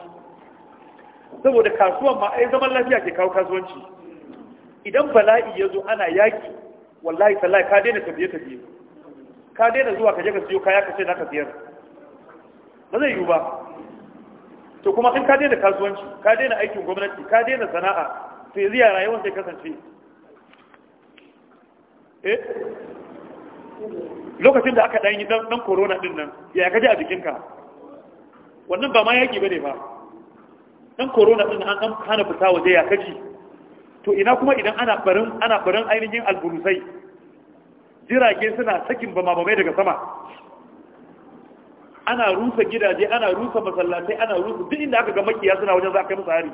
saboda kasuwan ma ai zaman lafiya ke kawo kasuwanci idan bala'i ya zo ana yaki wallahi tallahi ka daina tafiye tafiye ka daina zuwa ka je ka siyo kaya ka ce naka siyar ba zai yiwu ba to kuma in ka daina kasuwanci ka daina aikin gwamnati ka daina sana'a sai ziyara ya rayuwar sai kasance eh lokacin da aka yi dan korona din nan ya ji a jikinka wannan ba ma yaƙi ba ne ba dan corona din an an hana fita waje ya kaci to ina kuma idan ana barin ana barin ainihin alburusai jirage suna sakin bama bamai daga sama ana rusa gidaje ana rusa masallatai ana rusa duk inda aka ga makiya suna wajen za a kai musu hari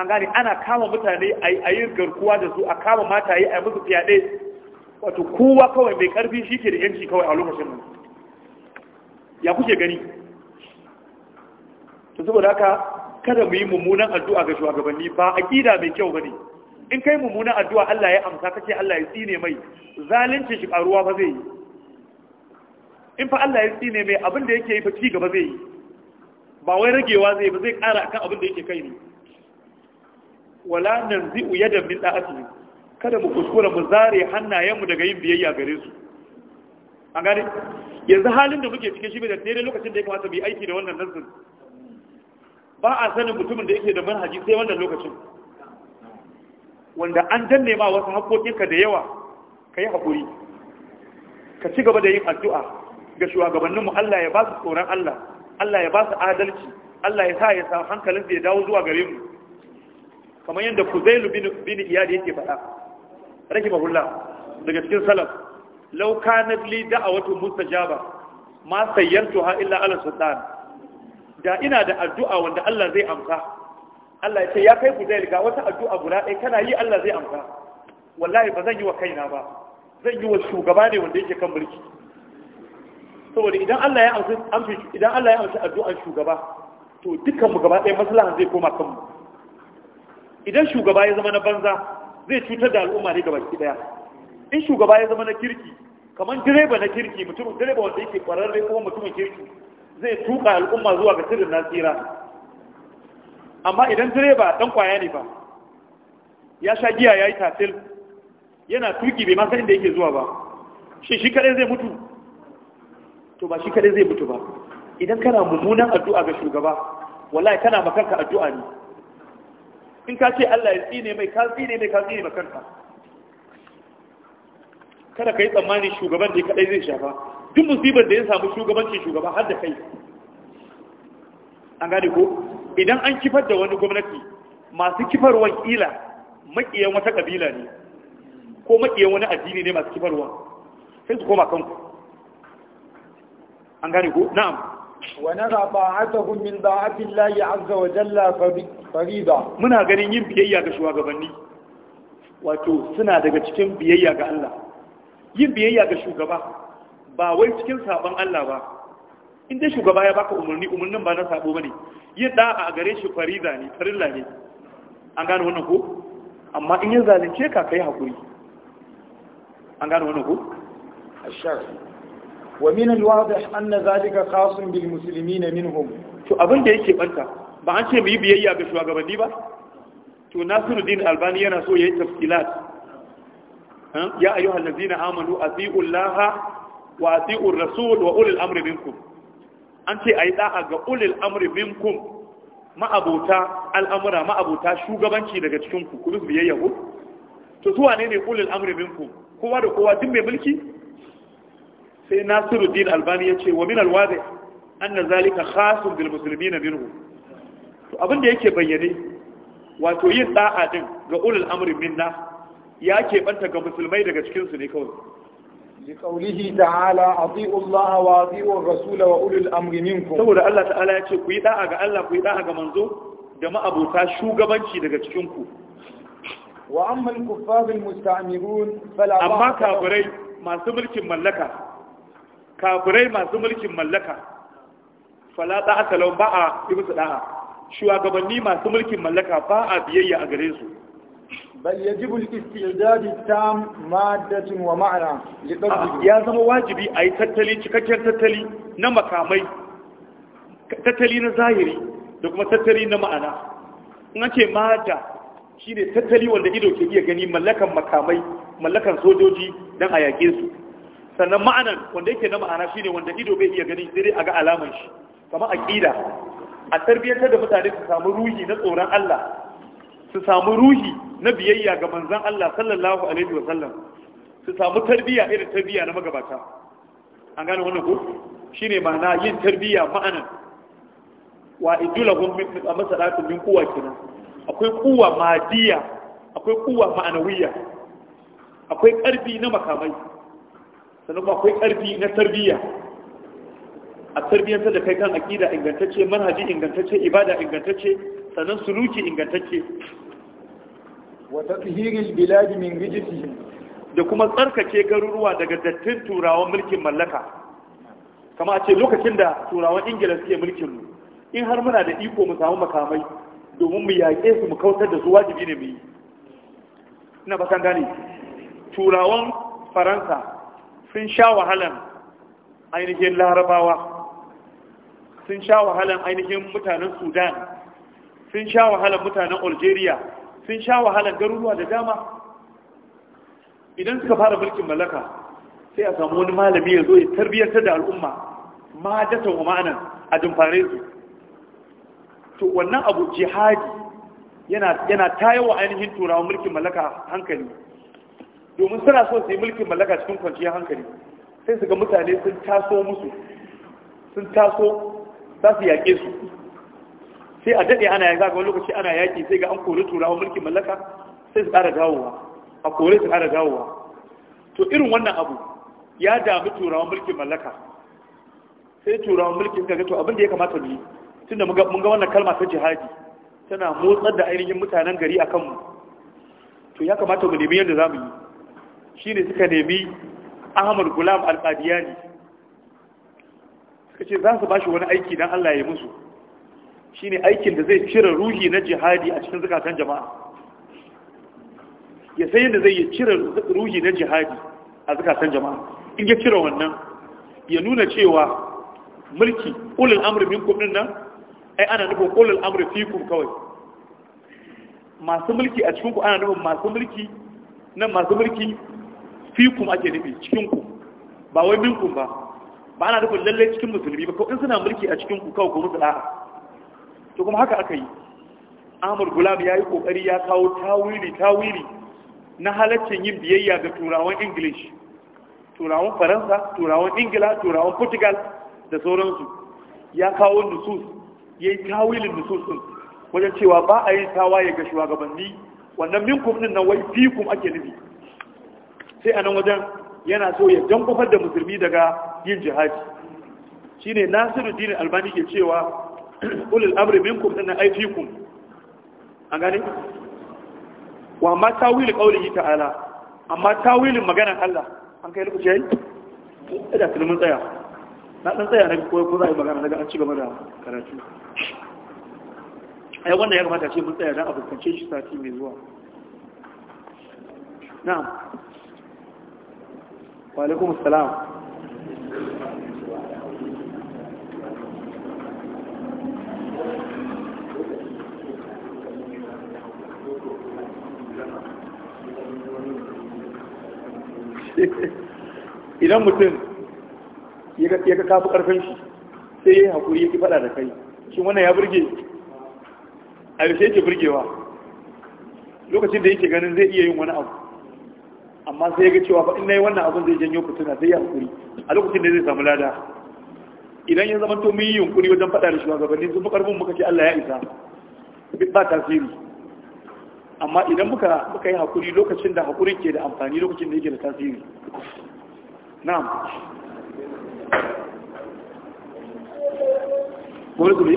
an gane ana kama mutane a yi garkuwa da su a kama mataye a yi musu fyaɗe wato kowa kawai mai ƙarfi shi ke da yanci kawai a lokacin nan ya kuke gani to saboda haka kada mu yi mummunan addu'a ga shugabanni ba aqida mai kyau bane in kai mummunan addu'a Allah ya amsa kace Allah ya tsine mai zalunci shi karuwa ba zai yi in fa Allah ya tsine mai abin da yake yi fa ci gaba zai yi ba wai ragewa zai ba zai kara akan abin da yake kai ne wala nanzi'u yadan min da'atihi kada mu kuskura mu zare hannayenmu daga yin biyayya gare su an gane yanzu halin da muke cikin shi bai da dare lokacin da ya kamata mu yi aiki da wannan nazarin ba a sanin mutumin da yake da manhaji sai wannan lokacin wanda an danne ma wasu haƙoƙinka da yawa ka yi haƙuri ka ci gaba da yin addu'a ga shugabanninmu Allah ya ba su tsoron Allah Allah ya ba su adalci Allah ya sa ya sa hankalin da ya dawo zuwa gare mu kamar yadda Kuzailu bin Iyad yake faɗa mahulla daga cikin salaf law kanat li da'awatu mustajaba ma sayyantuha illa ala sultan da ina da addu'a wanda Allah zai amsa Allah ya ce ya kai Fudail ga wata addu'a guda ɗaya kana yi Allah zai amsa wallahi ba zan yi wa kaina ba zan yi wa shugaba ne wanda yake kan mulki saboda idan Allah ya amsa idan Allah ya amsa addu'an shugaba to dukkan mu gaba ɗaya maslahan zai koma kanmu idan shugaba ya zama na banza zai cutar da al'umma ne gaba ɗaya. in shugaba ya zama na kirki kamar direba na kirki mutum direba wanda yake kwararre kuma mutumin kirki zai tuka al'umma zuwa ga sirrin nasira amma idan direba dan kwaya ne ba ya sha giya ya yi tafil yana tuki bai masa inda yake zuwa ba shi shi kare zai mutu to ba shi kare zai mutu ba idan kana mummunan addu'a ga shugaba wallahi kana makanka addu'a ne in ka ce Allah ya tsine mai ka tsine mai ka tsine makanka kada ka yi tsammani shugaban da kadai zai shafa duk musibar da ya samu shugabancin shugaba har da kai an gane ko idan an kifar da wani gwamnati masu kifarwar kila makiyan wata kabila ne ko makiyan wani addini ne masu kifarwa? sai su koma kanku an gane ko na'am wa nara ba'atuhum min da'ati Allah azza wa jalla farida muna ganin yin biyayya ga shugabanni wato suna daga cikin biyayya ga Allah yin biyayya ga shugaba ba wai cikin sabon Allah ba in dai shugaba ya baka umarni umarnin ba na sabo bane yin da'a a gare shi farida ne farilla ne an gane wannan ko amma in ya zalunce ka kai hakuri an gane wannan ko ashar wa min alwadih anna zalika khasun bil muslimin minhum to abin da yake banta ba an ce mu yi biyayya ga shugabanni ba to nasiruddin albani yana so yayi tafsilat ya ayyuhal ladina amanu atiiu allaha wa ati'ur rasul wa ulil amri minkum an ce ayi da'a ga ulil amri minkum ma'abuta al'amura ma'abuta shugabanci daga cikin ku ku biyayyahu. to zuwa ne ne ulil amri minkum kowa da kowa duk mai mulki sai Nasiruddin Albani ya ce wa min alwadi anna zalika khasun bil muslimin minhu to abin da yake bayyane wato yin da'a din ga ulil amri minna ya keɓanta ga musulmai daga cikinsu ne kawai لقوله تعالى أطيعوا الله وأطيعوا الرسول وأولي الأمر منكم saboda Allah ta'ala ya ce ku yi da'a ga Allah ku yi da'a ga manzo da ma'abota shugabanci daga cikin ku wa amma al-kuffar al masu mulkin mallaka kafirai masu mulkin mallaka fala da'a talau ba'a ibsu da'a shugabanni masu mulkin mallaka ba a biyayya a gare su بل يجب الاستعداد التام مادة ومعنى يا زما واجبي اي تتلي cikakken tattali na makamai tattali na zahiri da kuma tattali na ma'ana in ake mata shine tattali wanda ido ke iya gani mallakan makamai mallakan sojoji dan a yake su sannan ma'ana wanda yake na ma'ana shine wanda ido bai iya gani sai dai a ga alaman shi kamar aqida a tarbiyyar da mutane su samu ruhi na tsoron Allah su samu ruhi na biyayya ga manzan Allah sallallahu alaihi wa sallam su samu tarbiyya irin tarbiyya na magabata an gane wannan ko shine ma'ana yin tarbiyya ma'anan wa idulahum min masalatu min kuwa kenan akwai kuwa madiya akwai kuwa ma'anawiyya akwai karfi na makamai sannan kuma akwai karfi na tarbiyya a tarbiyyantar da kai kan aqida ingantacce manhaji ingantacce ibada ingantacce sannan suluki ingantacce wa tatheeril bilad min rijsihim da kuma tsarkake garuruwa daga dattin turawan mulkin mallaka kama a ce lokacin da turawan ingila suke mulkin mu in har muna da iko mu samu makamai domin mu yaƙe su mu kautar da su wajibi ne mu yi ina bakan gane turawan faransa sun sha wahalan ainihin larabawa sun sha wahalan ainihin mutanen sudan sun sha wahalar mutanen algeria sun sha wahalar garuruwa da dama idan suka fara mulkin mallaka sai a samu wani malami ya zo ya tarbiyyantar da al'umma ma dasa ta ma'anan a dumfare su to wannan abu jihadi yana tayo wa ainihin turawa mulkin mallaka hankali domin suna so su yi mulkin mallaka cikin kwanciyar hankali sai su ga mutane sun taso musu sun taso za su yaƙe su sai a daɗe ana yaga ga wani lokaci ana yaƙi sai ga an kori turawa mulkin mallaka sai su ƙara dawowa a kore su ƙara dawowa to irin wannan abu ya damu turawan mulkin mallaka sai turawan mulkin kaga to abin da ya kamata mu yi tunda mun ga wannan kalma ta jihadi tana motsar da ainihin mutanen gari a kanmu to ya kamata mu nemi yadda za mu yi shi ne suka nemi ahmad gulam al-qadiyani suka ce za su ba shi wani aiki don allah ya musu shine aikin da zai cire ruhi na jihadi a cikin zukatan jama'a ya sai yadda zai cire ruhi na jihadi a zukatan jama'a in ya cire wannan ya nuna cewa mulki ulul amurin minkum din nan ai ana nufin ulul fi fikum kawai masu mulki a cikinku ana nufin masu mulki nan masu mulki fikum ake nufi Cikinku. ba wai minkum ba ba ana nufin lallai cikin musulmi ba ko in suna mulki a cikinku kawai ko musu to kuma haka aka yi ahmad gulam ya yi kokari ya kawo tawili tawili na halaccin yin biyayya ga turawan english turawan faransa turawan ingila turawan portugal da sauransu ya kawo nusus ya yi tawilin nusus ɗin, wajen cewa ba a yi tawaye ga shugabanni wannan minkum din nan wai fikum ake nufi sai a nan wajen yana so ya jan kufar da musulmi daga yin jihadi shine nasiru dinin albani ke cewa kulil amri minkum inna nan aifikum an gane wa amma tawilin qaulihi ta'ala amma tawilin maganar Allah an kai lokaci yayi da mun tsaya na dan tsaya na ko ko za a yi magana daga an ci gaba da karatu ai wannan ya kamata ce mun tsaya dan abu kance shi sati mai zuwa na'am wa alaikum assalam idan mutum ya ga kafa karfin shi sai ya yi haƙuri ya ki faɗa da kai shi wannan ya burge a yaushe yake burgewa lokacin da yake ganin zai iya yin wani abu amma sai ya ga cewa ba in nayi wannan abun zai janyo fituna sai ya haƙuri a lokacin da zai samu lada idan ya zama to mun yi yunkuri wajen faɗa da shugabanni sun fi ƙarfin muka ce Allah ya isa ba tasiri amma idan muka muka yi hakuri lokacin da hakuri ke da amfani lokacin da yake da tasiri na'am gwamnati ne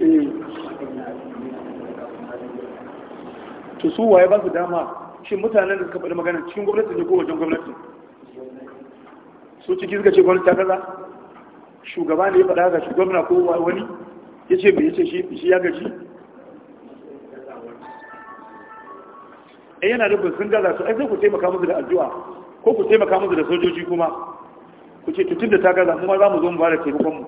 eh. to su waye ba su dama shi mutanen da suka faɗi magana cikin gwamnati ne ko wajen gwamnati su cikin suka ce gwamnati ta kaza shugaba ne ya faɗa ga shi gwamna ko wani ya ce mai yace shi ya gaji a eh, yana nufin sun gaza su sai ku taimaka musu da addu'a ko ku taimaka musu da sojoji kuma ku ce tutun da ta gaza kuma za mu zo mu ba da taimakonmu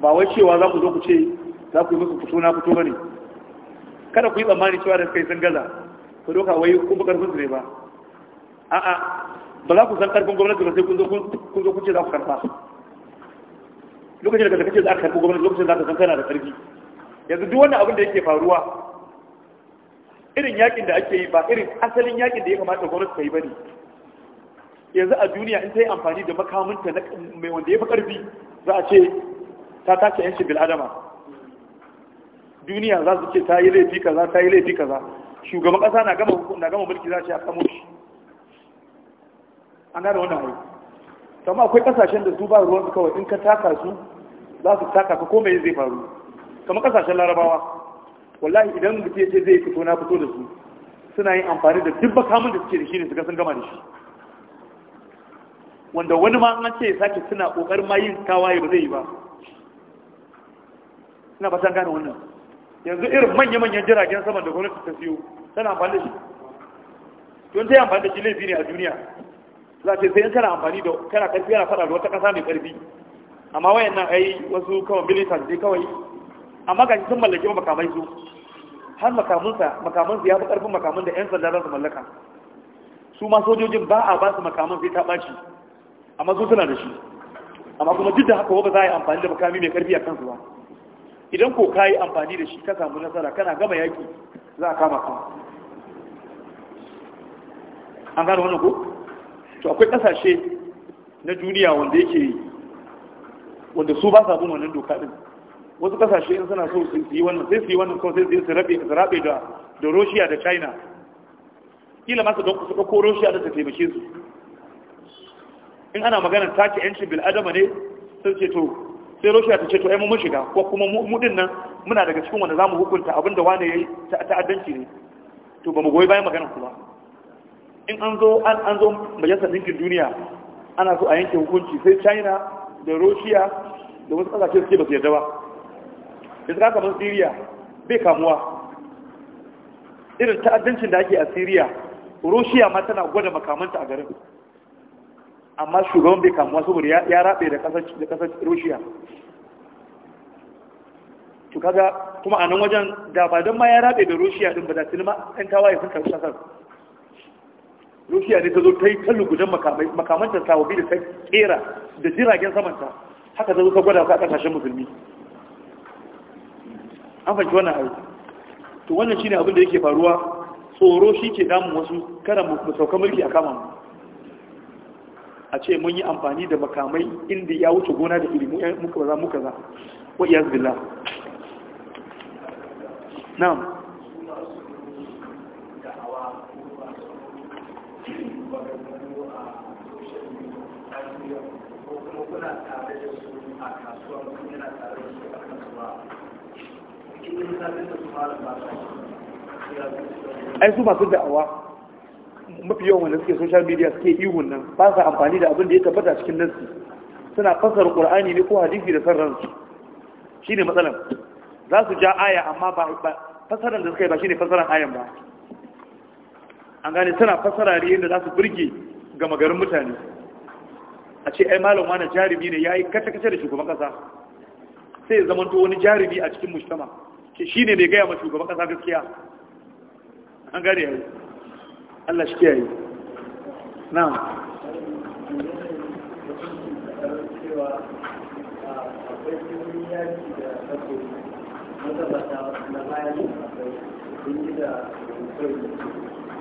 ba wai cewa za ku zo ku ce za ku yi musu fito na fito ba ne kada ku yi tsammani cewa da kai sun gaza ku doka wai kun bi karfin su ne ba a'a ba za ku san karfin gwamnati ba sai kun zo kun ce za ku karfa lokacin da kake za ka karbi gwamnati lokacin za ka san kana da karfi yanzu duk wannan abin da yake faruwa irin yakin da ake yi ba irin asalin yakin da ya kamata gwamnati ta yi bane yanzu a duniya in ta yi amfani da na mai wanda ya fi karfi za a ce ta tace yancin adama. duniya za su ce ta yi laifi kaza ta yi laifi kaza shugaban ƙasa na gama mulki za a ce a kamo shi an gane wannan hanyar amma akwai kasashen da su ba ruwan kawai in ka taka su za su taka ka komai zai faru kamar kasashen larabawa wallahi idan mutum ya ce zai fito na fito da su suna yin amfani da duk bakamun da suke da shi ne su sun gama da shi wanda wani ma an ce sake suna kokarin ma yin tawaye ba zai yi ba suna fatan gane wannan yanzu irin manya-manyan jiragen sama da gwamnati ta siyo tana amfani da shi don ta yi amfani da shi laifi ne a duniya za ce sai in kana amfani da kana karfi yana fada da wata kasa mai karfi amma wayannan ai wasu kawai militant dai kawai amma ga sun mallaki makamai su har makamansa makamansa ya fi karfin makamun da yan sanda za su mallaka su ma sojojin ba a ba su makaman sai ta ɓaci amma su suna da shi amma kuma duk da haka ba za a yi amfani da makami mai karfi a kansu ba idan ko ka yi amfani da shi ka samu nasara kana gama yaki za a kama ka an gano wannan ko to akwai ƙasashe na duniya wanda yake wanda su ba sa bin wannan doka din wasu kasashe in suna so su yi wannan sai su yi wannan kawai sai su rabe su rabe da da Russia da China kila ma su don su ko Russia da ta taimake su in ana maganar take yancin bil adama ne sai ce to sai Russia ta ce to ai mun shiga ko kuma mu din nan muna daga cikin wanda zamu hukunta abinda wani yayi ta'addanci ne to ba mu goyi bayan maganar ku ba in an zo an zo majalisar dinkin duniya ana so a yanke hukunci sai China da roshiya da wasu kasashe suke ba su yarda ba su kasa masu siriya bai kamuwa irin ta'addancin da ake a siriya roshiya ma tana gwada makamanta a garin amma shugaban bai kamuwa saboda ya rabe da kasar roshiya to kaga kuma a nan wajen da ba don ma ya rabe da roshiya din ba da sinima ɗan tawaye sun karɓi kasar rusiya ne ta zo ta yi ta lugudan makamanta sawabi da ta kera da jiragen samanta haka ta zo ta gwada ka a kasashen musulmi an fanci wannan aiki. to wannan shine abin da yake faruwa tsoro shi ke damun wasu kada mu sauka mulki a kama mu a ce mun yi amfani da makamai inda ya wuce gona da ilimu muka ba za muka za wa iyaz billah na'am ai su masu da'awa mafi yawan wanda suke social media suke ihun nan ba sa amfani da abin da ya tabbata cikin nassi suna fasar ƙul'ani ne ko hadisi da san ransu ne matsalan za su ja aya amma ba fasarar da suka yi ba shi ne fasarar ayan ba an gane suna fasara da yadda za su burge ga magarin mutane a ce ai malam wani jarumi ne ya yi kacce-kacce da shugaban kasa sai ya zamanto wani jarumi a cikin mustama Ke shi ne mai gaya ma shugaban kasa gaskiya an gane yi. Allah shi kiyaye na'am da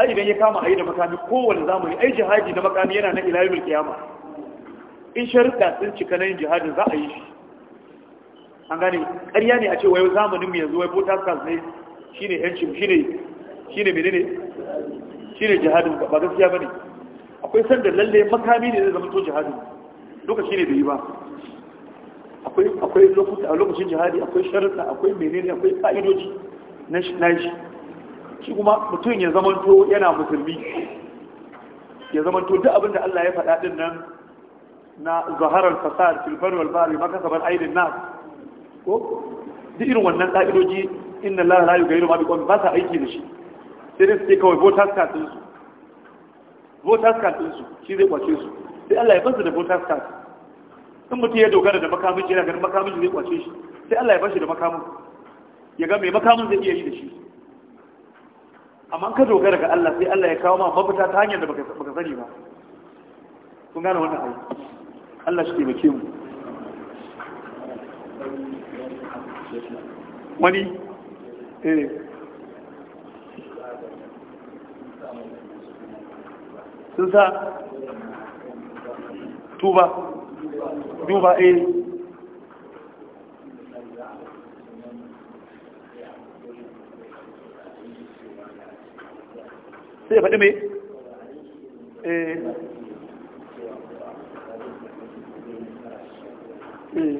ai dan ya kama ayi da makami kowanne zamani ai jihadi na makami yana na ilayul kiyama in sharuɗa sun cika na yin jihadin za a yi shi an gane ƙarya ne a ce wayo zamanin mu yanzu wai bota stars ne shine yanci shine shine menene shine jihadin ba gaskiya bane akwai sanda lalle makami ne zai zama to jihadin lokaci ne bai yi ba akwai akwai a lokacin jihadi akwai sharuɗa akwai menene akwai fa'idoji na shi shi kuma mutum ya zamanto yana musulmi ya zamanto duk abin da Allah ya faɗa din nan na zaharar fasad fil Walbari, wal bahri maka sabar aidin nas ko duk irin wannan ka'idoji inna Allah la yughayyiru ma biqawmin ba sa aiki da shi sai dai suke kawai voters card din su voters card din su shi zai kwace su sai Allah ya basu da voters card in mutum ya dogara da makamin yana ganin makamin zai kwace shi sai Allah ya bashi da makamin ya ga mai makamin zai iya yi da shi amma ka dogara ga Allah sai Allah ya kawo ma mafita ta hanyar da baka sani ba kun gane wannan hali Allah shi taimake mu wani eh sun sa tuba duba eh sai ya faɗi mai eh. eh.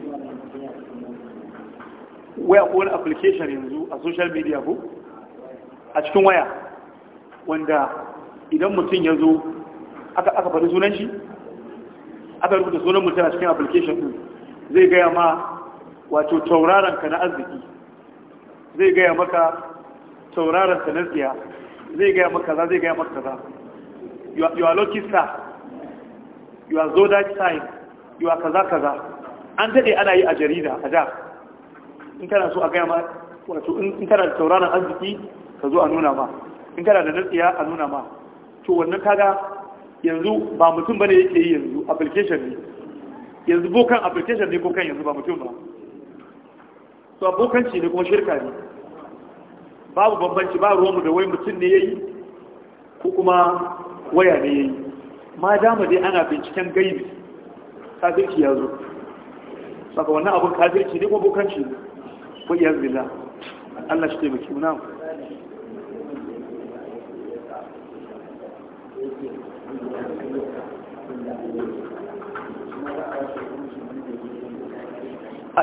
waya ko wani application yanzu a social media ko a cikin waya wanda idan mutum ya zo aka faɗi sunan shi aka rubuta sunan mutum a cikin application ɗin zai gaya ma wato tauraron ka na arziki zai gaya maka tauraron ka na tsiya zai gaya maka kaza zai gaya maka kaza you are lucky star you are zodiac sign you are kaza kaza an daɗe ana yi a jarida a da in kana so a gaya ma wato in kana da tauraron arziki ka zo a nuna ma in kana da natsiya a nuna ma to wannan kaga yanzu ba mutum bane yake yi yanzu application ne yanzu bokan application ne ko kan yanzu ba mutum ba to abokanci ne kuma shirka ne babu bambanci ba ruwanmu da wai mutum ne ya yi ko kuma waya ne ya yi ma dama dai ana binciken gaibi kafirci ya zo saka wannan abin kafirci ne kuma bukanci ne ko iya zila Allah shi taimaki mu namu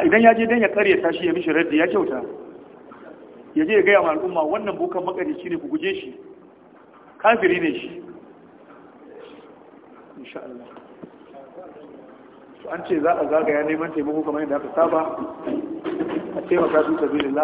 idan ya je don ya karya tashi ya mishi raddi ya kyauta ya je ya gaya ma al'umma wannan bukan makarici ne ku guje shi kafiri ne shi insha'allah an ce za a zagaya neman taimako kamar yadda aka saba a taimaka su